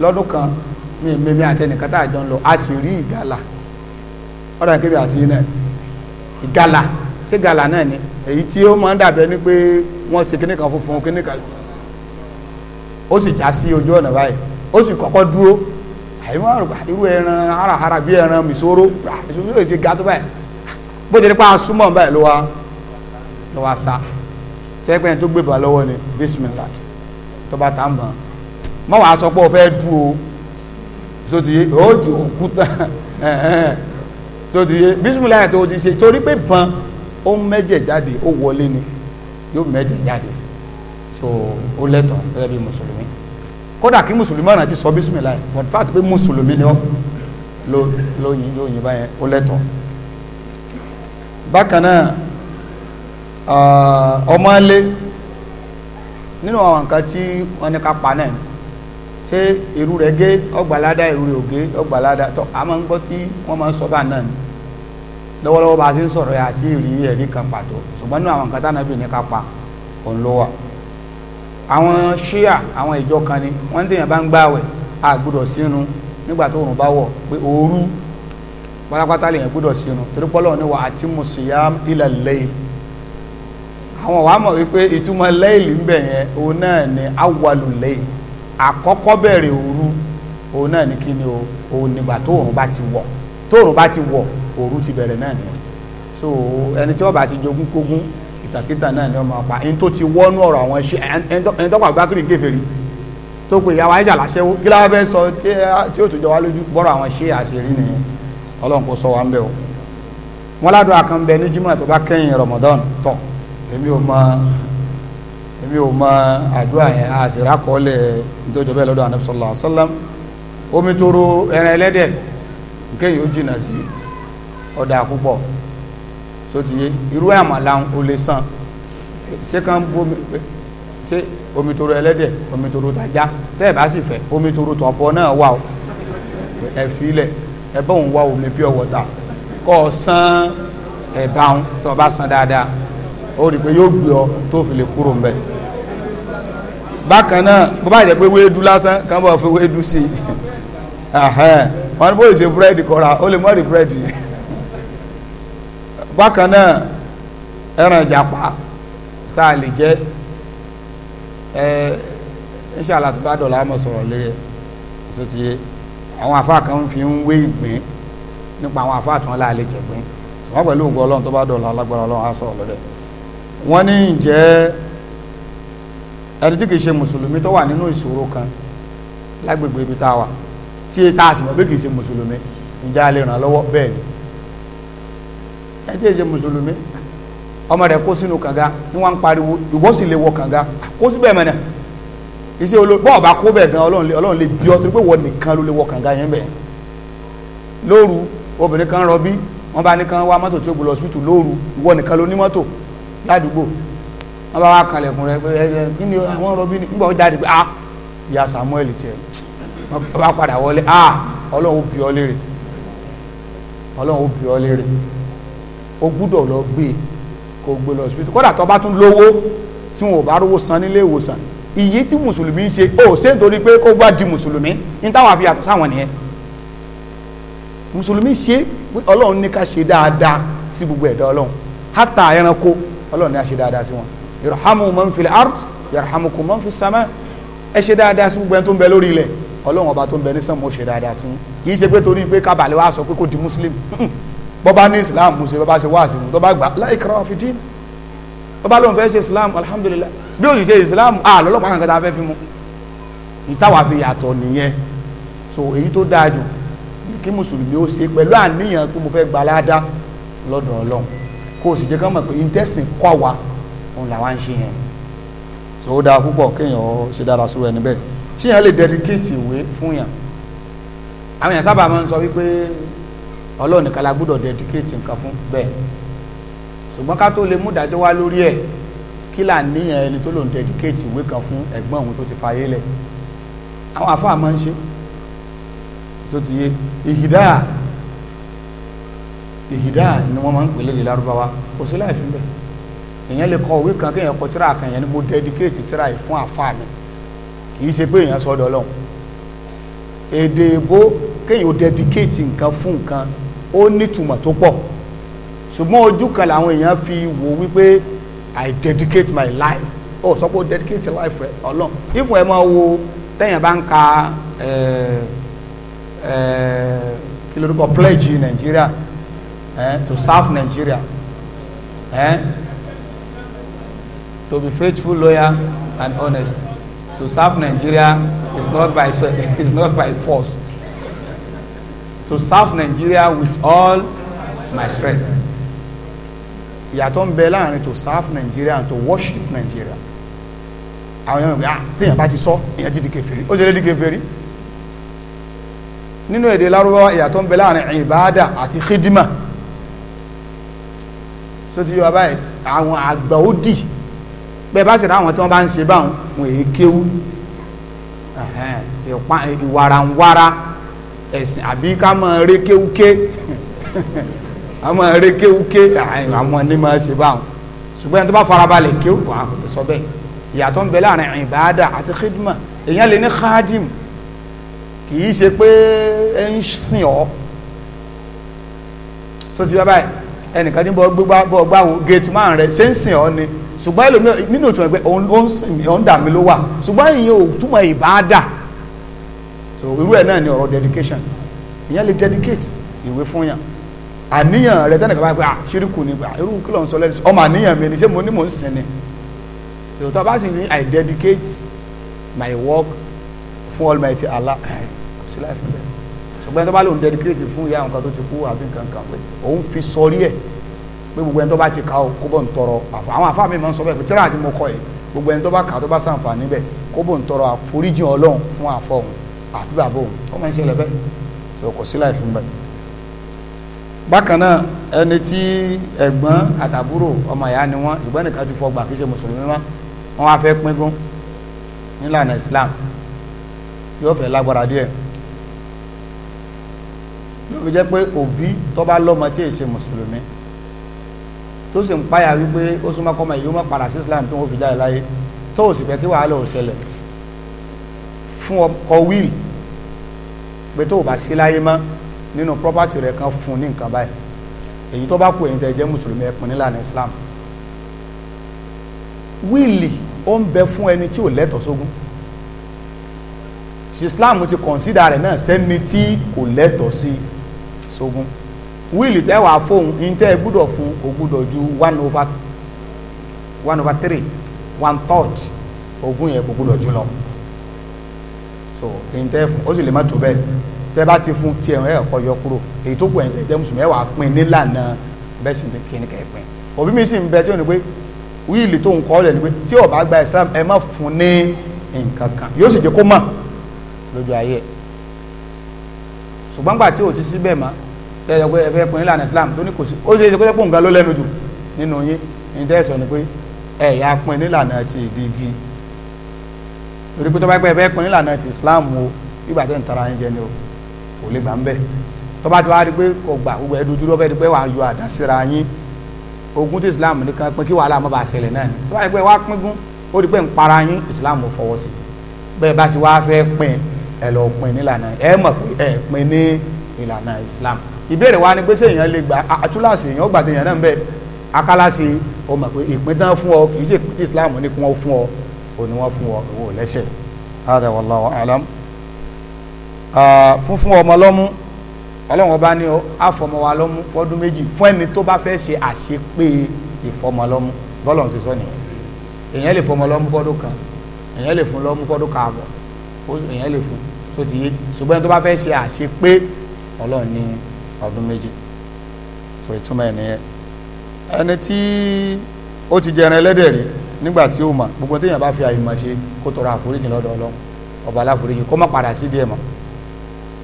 lọ́dún kan mi mímí àtẹnìkan tá àjọ ń lọ a sì rí ìgalà ọ̀dà kébì àti iná ìgalà ṣé gàlà náà ni èyí tí ó máa ń dàbẹ́ ni pé wọ́n ṣe kíní kan funfun kíní kan ó sì já sí ojú ọ̀nà báyìí ó sì kọ́kọ́ dúró àyẹ̀wò àrùbá irú ẹran hárahárà bí ẹran mìsóró ìṣòro yóò ṣe ga tó báyìí bó ti rí pa súnmọ́ báyìí ló wá ló wá sá tẹ́gbẹ́ni tó gbébà lọ́wọ́ ni bísímìlá tó bá ta ń bọ̀ mọ́ wàá sọ pé o fẹ́ dú o tó ti yé o jò òkúta tó <laughs> ti yé bísímìlá yẹn tó ti ṣe torí pé bọ́n. ó ń mẹ́jẹ̀ jáde ó wọlé ni yóò mẹ́jẹ̀ jáde so ó lẹ́tọ̀ gẹ́gẹ́ bí mùsùlùmí kódà kí mùsùlùmí ọ̀nà ti sọ bísímìlá but fact pé mùsùlùmí ni ó lóyìn yóò báyẹn ó lẹ́tọ̀ bákan náà ọmọ alé nínú àwọn nǹkan tí wọ́n ní ká pa náà ṣé irú rẹ̀ gé ọgbàládá irú ò gé ọgbàládá tó a ń gbọ́ tí wọ́n máa ń sọ bá lọ́wọ́lọ́wọ́ bá a ti ń sọ̀rọ̀ yà àti ìrí ẹ̀rí kan pàtó ṣùgbọ́n nínú àwọn nǹkan tá nàbì ní ká pa òun ló wà àwọn ṣíà àwọn ìjọ kan ni wọ́n ń tèèyàn bá ń gbààwẹ̀ a gbọ́dọ̀ sínú nígbà tó òrùn bá wọ̀ pé òru pátápátá lèèyàn gbọ́dọ̀ sínú torí pọ́lọ́ ní wa àti musiyam ila layl àwọn wàá mọ̀ wípé ìtumọ̀ layl ń òun náà ni awwalu layl àkọ́kọ́ bẹ̀rẹ̀ òru òun náà ni kí ni òru ti bẹ̀rẹ̀ náà ni so ẹni tí wọ́n bá ti jogún kógún kìtàkìtà náà ni wọ́n máa pa ẹni tó ti wọ́nú ọ̀rọ̀ àwọn ṣe ẹni tó pa bákìrì ń kèfèrí tó pe ìyàwó àyíṣà láṣẹ́wó kí láwọn fẹ́ sọ tí ó tún jọ wá lójú bọ́rọ̀ àwọn ṣe àṣírí nìyẹn ọlọ́run kò sọ wá ń bẹ̀ o wọn ládùn àkànbẹ ní jimoh tó bá kẹ́yìn Ramadan tọ̀ èmi ò mọ èmi ò mọ àdúrà yẹn àṣírà kọ́lẹ̀ nítorí bẹ́ẹ̀ lọ́dọ̀ anabi sallallahu alaihi wasallam omi toro ẹran ẹlẹ́dẹ̀ kéèyàn ó jìnnà sí i ọ̀dà púpọ̀ so ti yé irú àmàlà o lè san ṣé kan bomi ṣé omi toro ẹlẹ́dẹ̀ omi toro tajá tẹ́ ẹ̀ bá sì fẹ́ omi toro tọ̀pọ̀ náà wà o ẹ̀ filẹ̀ ẹ̀ bá òun wá omi pure water kọ́ ọ san ẹ̀ bá òun tó o bá san dáadáa ó rí i pé yóò gbé ọ tó fi lè kúrò ńbẹ̀ bákan náà bó bá jẹ́ pé wéédú lásán kàn bọ̀ fi wéédú sí i wọ́n ní bó ṣe búrẹ́dì kọ́ra ó lè mọ́ rí búrẹ́dì yẹn bákan náà ẹran ìjàpá sáà lè jẹ ẹ inṣàlá tó bá dọ̀là àmọ̀ sọ̀rọ̀ lérí ẹ̀ tó ti yé àwọn àfáà kan fi ń wé ìgbín nípa àwọn àfáà tí wọ́n lá lè jẹ̀gbín ṣùgbọ́n pẹ̀lú ògùn ọlọ́run tó bá dọ̀là alágbára ọlọ́run á sọ̀rọ̀ lórí wọ́n ní ìjẹ́ ẹni tí kìí ṣe mùsùlùmí tó wà nínú ìṣòro kan lágbègbè ibi tá tí èyí tá a sì mọ̀ ṣe mùsùlùmí ìjà lè ràn lọ́wọ́ bẹ́ẹ̀ ni ẹjẹ́ ìṣe mùsùlùmí ọmọ rẹ̀ kó sínú kànga ni wọ́n ń pariwo ìwọ sì lè wọ kànga kó síbẹ̀ mẹ́nà iṣẹ́ olórí bọ́ọ̀ bá kó bẹ̀ gan ọlọ́run lè bí ọ torí pé wọ́n nìkan ló lè wọ kànga yẹn bẹ̀ lóru obìnrin kan rọbí wọ́n bá ní wá mọ́tò tí ó gbọ́ lọ síbítù lóru ìwọ nìkan ló ní mọ́tò ládùúgbò bá ẹ àwọn rọbí ah, Samuel ah, ọ o gbúdọ̀ lọ gbé kó gbé lọ hospital kódà tó bá tún lówó tí wọn ò bá rówó san nílé ìwòsàn iye tí mùsùlùmí ń ṣe ó ṣe nítorí pé kó bá di mùsùlùmí ní táwọn àfi yàtọ̀ sáwọn nìyẹn mùsùlùmí ṣe pé ọlọ́run ní ká ṣe dáadáa sí gbogbo ẹ̀dá ọlọ́run hátà ẹranko ọlọ́run ní ká ṣe dáadáa sí wọn yorùhámù man fil ard yarhamukum man fis sama ẹ ṣe dáadáa sí gbogbo ẹni tó ń bẹ lórí ilẹ̀ ọlọ́run ọba tó ń bẹ ní sàmú ó ṣe dáadáa sí kì í ṣe pé torí pé kábàlẹ̀ wa sọ pé kò di mùsùlùmí bọ́bá ní islam ṣe bọ́bá ṣe wáàsí mu tọ́ba gbà la ikraha fi din bọ́bá lóun fẹ́ ṣe islam alhamdulillah bí o sì ṣe islam ah kankan tá a fẹ́ fi mu ìtawà fi yàtọ̀ nìyẹn so èyí tó dáa jù kí mùsùlùmí ó ṣe pẹ̀lú àníyàn pé mo fẹ́ gba aládá lọ́dọ̀ ọlọ́run kó o sì jẹ́ ká mọ̀ pé intestine kọ́ wa òun làwa ń ṣe yẹn so ó dáa púpọ̀ kéèyàn ṣe dára sórí ẹni bẹ́ẹ̀ ṣé yẹn lè dedicate ìwé fún yàn àwọn yẹn sábà máa ń sọ wípé ọlọ́run nìkan la gbọ́dọ̀ dedicate nǹkan fún bẹ́ẹ̀ ṣùgbọ́n ká tó lè mú dájọ́ wá lórí ẹ̀ kí là ń níyàn ẹni tó lòun dedicate ìwé kan fún ẹ̀gbọ́n òun tó ti fayé lẹ̀ àwọn àfáà máa ń ṣe tó ti yé ìhìdá ìhìdá ni wọ́n máa ń pèlè lè lárúbáwá kò sí láì fi bẹ́ẹ̀ èèyàn lè kọ ìwé kan kí èèyàn kọ tíra kan yẹn ni mo dedicate tíra yìí fún àfáà mi kì í ṣe pé èèyàn sọ́dọ̀ ọlọ́run èdè èbó kéèyàn dedicate nǹkan fún nǹkan ó nítumọ̀ tó pọ̀ ṣùgbọ́n ojú kan làwọn èèyàn fi wò wípé i dedicate my life ó sọ pé ó dedicate life rẹ ọlọ́run ìfọ̀ ẹ̀ máa wo tẹ́yìn bá ń ka kí lórúkọ pledge Nigeria to serve Nigeria to be faithful loyal and honest to serve Nigeria is not by, <laughs> is not by force to serve Nigeria with all my strength ìyàtọ̀ ń bẹ láàrin to serve Nigeria and to worship Nigeria àwọn èèyàn gbé ah téèyàn bá ti sọ èèyàn ti di kèfèrí ó ṣe lè di kèfèrí nínú èdè lárúbáwá ìyàtọ̀ ń bẹ láàrin ìbáàdà àti khidima tó ti yọ abáyé àwọn àgbà ó dì bẹ́ẹ̀ bá sì rá àwọn tí wọ́n bá ń ṣe báwọn wọn èé kéwú ìwàràǹwàrà ẹ̀sìn àbí ká máa rékéwúké ká <laughs> máa rékéwúké àwọn ní máa ṣe báwọn ṣùgbọ́n ẹni tó bá farabalẹ̀ kéwù wà á sọ bẹ́ẹ̀ ìyàtọ̀ ń bẹ láàrin ìbáadà àti khidma èèyàn lè ní khadim kì í ṣe pé ẹ ń sìn ọ́ tó ti bá báyìí ẹnìkan ní bọ́ gbáwo gate man rẹ̀ ṣe ń sìn ọ́ ni ṣùgbọ́n nínú ìtumọ̀ pé ó ń sìn mí ó dà mí ló wà ṣùgbọ́n ìyẹn ò túmọ̀ ìbáadà so irú ẹ̀ náà ni ọ̀rọ̀ dedication ìyẹn lè dedicate ìwé fún yàn àníyàn rẹ tẹ́nìkan bá pẹ́ à ah, ṣíríkù ni pé ah, irú kí ló ń sọ lẹ́nu ọmọ àníyàn mi ni ṣé mo ní mò ń sìn ni so tó a bá sì ní I dedicate my work fún Almighty Allah kò sí láì fi bẹ́ẹ̀ ṣùgbọ́n tó bá lòun dedicate fún ìyá nǹkan tó ti kú àbí nǹkan kan pé òun fi sọrí ẹ̀ pé gbogbo ẹni tó bá ti kà ó kó bọ̀ ń tọrọ àwọn àfáà mi máa ń sọ bẹ́ẹ̀ pé tíra àti mo kọ yìí gbogbo ẹni tó bá kà tó bá sàǹfààní bẹ́ẹ̀ kó bọ̀ ń tọrọ àforíjì Ọlọ́run fún àfọ òun àbí bàbá òun ó máa ń ṣẹlẹ̀ bẹ́ẹ̀ tó kò sí láì fún bẹ́ẹ̀ bákan náà ẹni tí ẹ̀gbọ́n àtàbúrò ọmọ ìyá ni wọ́n ìgbọ́n nìkan ti fọgbà kì í ṣe mùsùlùmí mọ́ wọ́n wá fẹ́ pín gún nílànà Islam yóò fẹ́ lágbára díẹ̀ ló fi jẹ́ pé òbí tó bá lọ́mọ tí èsè mùsùlùmí tó sì ń páyà wípé ó súnmọ́ kọ́mọ yìí ó mọ̀ padà sí Islam tó ń fi jáde láyé tó ò fún ọkọ̀ wíìlì pé tó o bá sí láyé mọ́ nínú property rẹ̀ kan fún ní nǹkan báyìí èyí tó bá kú ẹ̀yin tẹ́ jẹ́ mùsùlùmí ẹ̀pin nílànà Islam wíìlì ó ń bẹ fún ẹni tí ò lẹ́tọ̀ọ́ sógún Islam ti consider rẹ̀ náà sẹ́ni tí kò lẹ́tọ̀ọ́ sí sógún wíìlì tẹ́ wàá fóun ní tẹ́ ẹ gbúdọ̀ fún o gbúdọ̀ ju one over one over three one third ogun yẹn kò gbúdọ̀ jù lọ so èyí tẹ́ fún ó sì lè má tó bẹ́ẹ̀ tẹ́ bá ti fún tiẹ̀ ẹ̀ ọ̀kọ́ yọ kúrò èyí tó kù ẹ̀ jẹ́ mùsùlùmí ẹ̀ wà á pín nílànà bẹ́ẹ̀ sì kíni kẹ́ ẹ̀ pín òbí mi sì ń bẹ tí ó ní pé wíìlì tó ń kọ́ lẹ̀ ni pé tí ó bá gba Islam ẹ má fún ní nǹkan kan yóò sì jẹ́ kó mọ̀ lójú ayé ṣùgbọ́n gbà tí ò ti síbẹ̀ mọ́ tẹ́ ẹ pé ẹ fẹ́ pín nílànà Islam tó ní kò sí ó ṣe é ṣe kó jẹ́ pé òǹkà ló lẹ́nu jù nínú yín ẹ̀yà pín nílànà ti ìdí igi torí pé tó bá pẹ́ ẹ fẹ́ pin nílànà ti Islam o nígbà tẹ́ ń tara yín jẹ ni o kò lè gbà ń bẹ̀ tó bá ti wá rí pé kò gbà gbogbo ẹ dojú lọ́fẹ́ di pé wàá yọ àdá síra yín ogun tí Islam nìkan pin kí wàhálà má bàa ṣẹlẹ̀ náà ni tó bá rí pé pín gún ó rí pé ń para yín Islam ò fọwọ́ sí bẹ́ẹ̀ bá ti wá fẹ́ pin ẹ lọ pin nílànà ẹ mọ̀ pé ẹ pin ní ìlànà Islam ìbéèrè wa ni pé sèèyàn lè gbà àtúláṣe èèyàn gbà tèèyàn náà ń bẹ akálàṣe ọmọ pé ìpín tán fún ọ kì í ṣe ìpín tí Islam ní kí wọ́n fún ọ òní wọ́n fún wọn ìwò lẹ́sẹ̀ hada wallahu alam funfun ọmọ lọ́mú ọlọ́run ọba ní àfọmọ wa lọ́mú fọdún méjì fún ẹni tó bá fẹ́ ṣe àṣepé ìfọmọ lọ́mú bọ́lọ̀ ń ṣe sọ nìyẹn èèyàn lè fọmọ lọ́mú fọdún kan èèyàn lè fún lọ́mú fọdún kan àbọ̀ èèyàn lè fún tó ti yé ṣùgbọ́n tó bá fẹ́ ṣe àṣepé ọlọ́run ní ọdún méjì so ìtumọ̀ ẹ̀ nìyẹn ẹni tí ó ti jẹrin ẹlẹ́dẹ̀ rí nígbà tí ó mọ̀ gbogbo téèyàn bá fi àìmọ̀ ṣe kó tọrọ àforíjì lọ́dọ̀ ọlọ́run ọba aláforíjì kó má padà sí díẹ̀ mọ́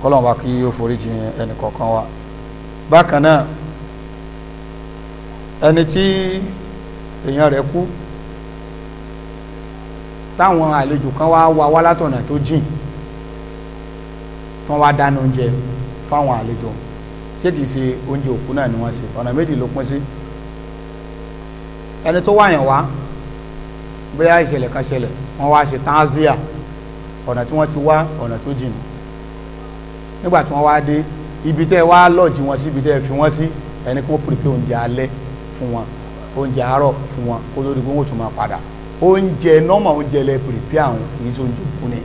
kọ́lọ́n wa kí ó foríjì ẹnì kọ̀ọ̀kan wa bákan náà ẹni tí èèyàn rẹ̀ kú táwọn àlejò kan wá wá wá látọ̀nà tó jìn tán wá dáná oúnjẹ fáwọn àlejò ṣé kìí ṣe oúnjẹ òkú náà ni wọ́n ṣe ọ̀nà méjì ló pín sí ẹni tó wáyàn wá bóyá ìṣẹ̀lẹ̀ kan ṣẹlẹ̀ wọ́n wá ṣe tanzia ọ̀nà tí wọ́n ti wá ọ̀nà tó jìnnà nígbà tí wọ́n wá dé ibi tẹ́ wá lọ́ọ̀jì wọn sí ibi tẹ́ fi wọ́n sí ẹni kó pèpè oúnjẹ alẹ́ fún wọn oúnjẹ àárọ̀ fún wọn kó lórí gbóngbò tó máa padà oúnjẹ nọ́mà oúnjẹ lẹ pèpè àwọn kì í sóúnjẹ òkú ni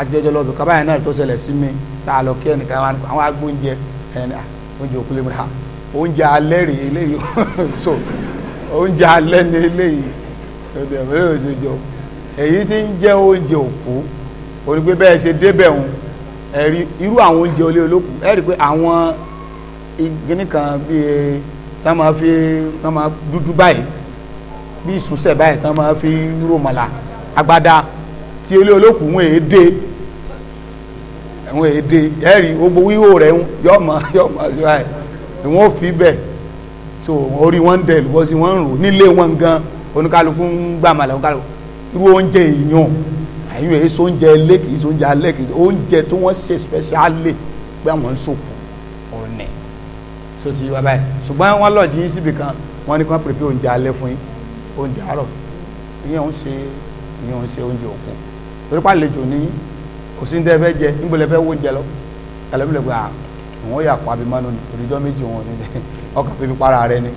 àjọjọ lọ́dún kábàáyé náà tó ṣẹlẹ̀ sí mi tá a lọ kí ẹnìkan wá àwọn agbóúnjẹ ẹni ah, oúnjẹ òkú lè múra oúnjẹ alẹ́ rèé eléyìí <laughs> so oúnjẹ alẹ́ ní eléyìí ọdẹ ìbílẹ̀ òṣèjọ èyí tí ń jẹ́ oúnjẹ òkú orí pé bẹ́ẹ̀ ṣe débẹ̀ òun ẹ̀rí irú àwọn oúnjẹ olé olókùn ẹ̀rí pé àwọn ìgbìnì kan bíi tá máa fi tá máa dúdú báyìí bí ìsúnṣẹ̀ báyìí tá máa fi rọmọlà agbádá tí olé olókùn wọn èé dé àwọn èdè ẹ̀rí gbogbo wíwò rẹ̀ yọ̀ọ̀mọ̀ yọ̀ọ̀mọ̀ síwáyé ìwọ̀n ò fi bẹ́ẹ̀ so orí wọn ń dẹ̀ lùbọ́ sí wọn ń rò nílé wọn gan oníkálukú ń gbàmàlà oníkálukú irú oúnjẹ èèyàn àyùn èyí sóúnjẹ ilé kìí sóúnjẹ alẹ́ kìí oúnjẹ tó wọ́n ṣe spẹ́ṣálì pé àwọn ń sòkù ọ̀nẹ̀ so ti wá báyìí ṣùgbọ́n wọ́n lọ́ọ̀jì yín síbi kan wọ́n ní kí wọ́n pèpè oúnjẹ alẹ́ fún yín oúnjẹ àárọ̀ ìyẹn ń ṣe ìyẹn ń ṣe oúnjẹ òkú torí pa àlejò ní kò sí ní tẹ́ fẹ́ jẹ níbo lẹ fẹ́ wó oúnjẹ lọ ẹlẹ́mìlẹ́gbẹ̀ẹ́ àwọn yà pa abimanu ní onídọ́ méjì wọn nílẹ̀ ọkàn fífi para rẹ ni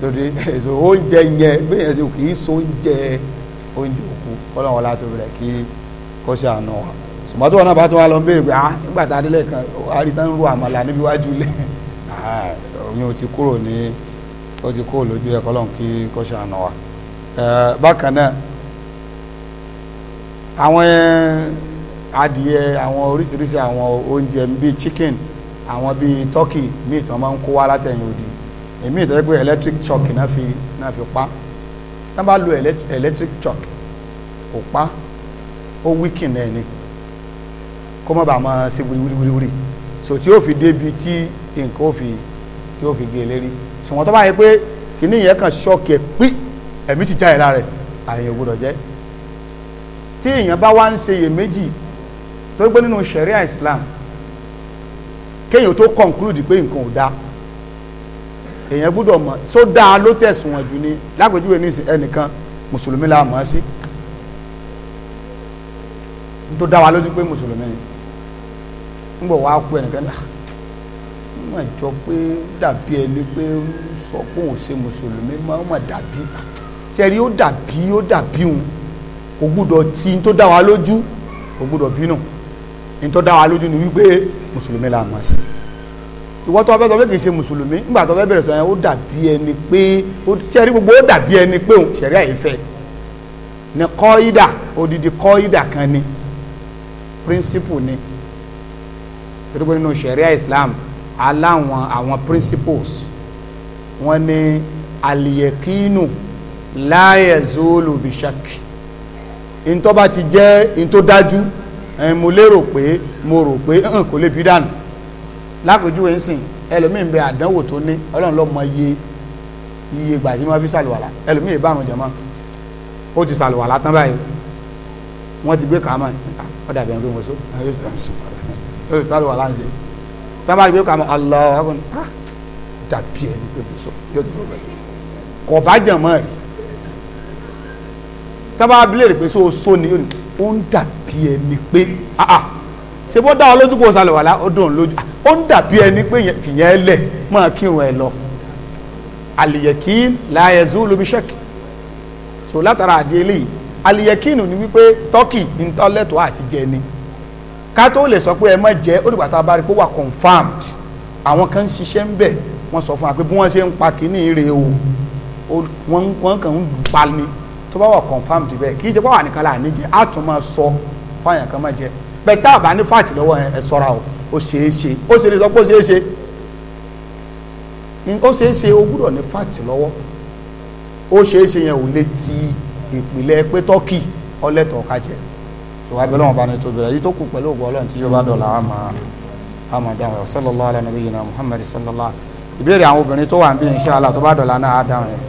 sórí so oúnjẹ yẹn bẹ́ẹ̀ yẹn kì í so oúnjẹ oúnjẹ òkú kọ́lọ́wọ́n látò rẹ̀ kí kó ṣe wa ṣùgbọ́n wọn náà bá tó wà lọ ń béèrè ah nígbà tá a délé kan àrídán ru àmàlà níbi iwájú <laughs> ah, ti kúrò ní ti kúrò lójú ẹ kí kó wa eh, bákan náà àwọn adìyẹ àwọn oríṣiríṣi àwọn oúnjẹ bíi chicken àwọn bíi turkey míì tán máa ń kó èmi ìtọ́jú pé electric shock náà fi náà fi pa náà bá lo electric shock kò pa ó wíkìn náà ni kó má bàa máa ṣe wíríwíríwírí so tí ó fi débi tí nǹkan ó fi tí ó fi gé e lérí sùnwọ́n tó bá yẹ pé kìíní yẹn kàn shock ẹ̀ pí ẹ̀mí ti já ẹ̀ lára ẹ̀ àyè ògbọ́dọ̀ jẹ́ tí èèyàn bá wá ń ṣe iyèméjì tó gbé nínú sharia Islam kéèyàn tó conclude pé nǹkan ò dáa èèyàn gbúdọ̀ mọ̀ só dáa ló tẹ̀sùn wọn jù ni lápèjúwe ní ẹnìkan mùsùlùmí la mọ̀ ọ́ sí tó dá wa lójú pé mùsùlùmí ni ń bọ̀ wá kú ẹnìkan náà ah, mọ̀ jọ pé dàbí ẹni pé ń sọ pé òun ṣe mùsùlùmí máa ń mọ̀ dàbí sẹ́rí ah, ó dàbí ó dàbí òun kò gbúdọ̀ tí ń tó dá wa lójú kò gbúdọ̀ bínú ń tó dá wa lójú ni wípé mùsùlùmí la mọ̀ sí ìwọ tó fẹ́ sọ pé kì í ṣe mùsùlùmí nígbà tó fẹ́ bẹ̀rẹ̀ sọ yẹn ó dàbí ẹni pé sẹ́rí gbogbo ó dàbí ẹni pé òun sẹ́rí àyífẹ́ ni kọ́ídà odidi kọ́ídà kan ni principle ni torí pé nínú sẹ́ríà Islam aláwọn àwọn principles wọ́n ní aliyekinu láyẹ̀zóòlù bìṣàkì ntọ́ bá ti jẹ́ ntọ́ dájú mo lérò pé mo rò pé kò lè bí dànù lákòójúwe ń sìn ẹlòmíín bẹ àdánwò tó ní ọlọ́run ló mọ iye iye ìgbà tí wọ́n fi ṣàlùwàlà ẹlòmíín bá àrùn jẹ̀mọ́ ó ti ṣàlùwàlà tán báyìí wọ́n ti gbé kàámọ̀ ọ̀dà bẹ̀rẹ̀ pé mo so ṣàlùwàlà ń ṣe tán bá gbé kàámọ̀ alọ́ dàbí ẹni pé mo so ah, yóò ti gbé bẹ̀rẹ̀ kò bá jẹ̀mọ́ rí tán bá abilé rè pé so so ah, ah ṣe bó dá ọ lójú kó sálọ wàlá ó dùn lójú ó ń dàbí ẹni pé fìyẹn ẹ lẹ máa kírun ẹ lọ àlìyẹkí láàyè zulu bí ṣẹkì so látara àdé eléyìí ni wípé tọ́kì ní tọ́lẹ́tọ̀ àti jẹ ká tó lè sọ pé ẹ má jẹ ó dìgbà tá a bá rí pé wà confirmed àwọn kan ń ṣiṣẹ́ ń bẹ̀ wọ́n sọ fún wa pé bí wọ́n ṣe ń pa kínní rèé o wọ́n kàn ń pa ni tó bá wà confirmed bẹ́ẹ̀ kì í ṣe pé wà nìkan láà ní jẹ á tún máa sọ fáyàn kan má jẹ bẹ̀tẹ́ àbá ní fàtì lọ́wọ́ ẹ sọ́ra o ó ṣeé ṣe ó ṣe lè sọ pé ó ṣeé ṣe ó ṣeé ṣe o gbúdọ̀ ní fàtì lọ́wọ́ ó ṣeé ṣe yẹn ò lè ti ìpìlẹ̀ pé tọ́kì ọlẹ́tọ̀ ọ̀ka jẹ ṣùgbọ́n abẹ́lẹ́ wọn bá ní tóbi rẹ̀ yìí tó kù pẹ̀lú ògbọ́ ọlọ́run tí yóò bá dọ̀la á máa á máa dáhùn rẹ̀ sallallahu ala nabiyyina Muhammad sallallahu ìbéèrè àwọn obìnrin tó wà ń bí insha Allah tó bá dọ̀la náà á dáhùn rẹ̀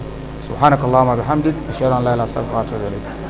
subhanakallahumma bihamdik ashhadu an la ilaha illa anta astaghfiruka wa atubu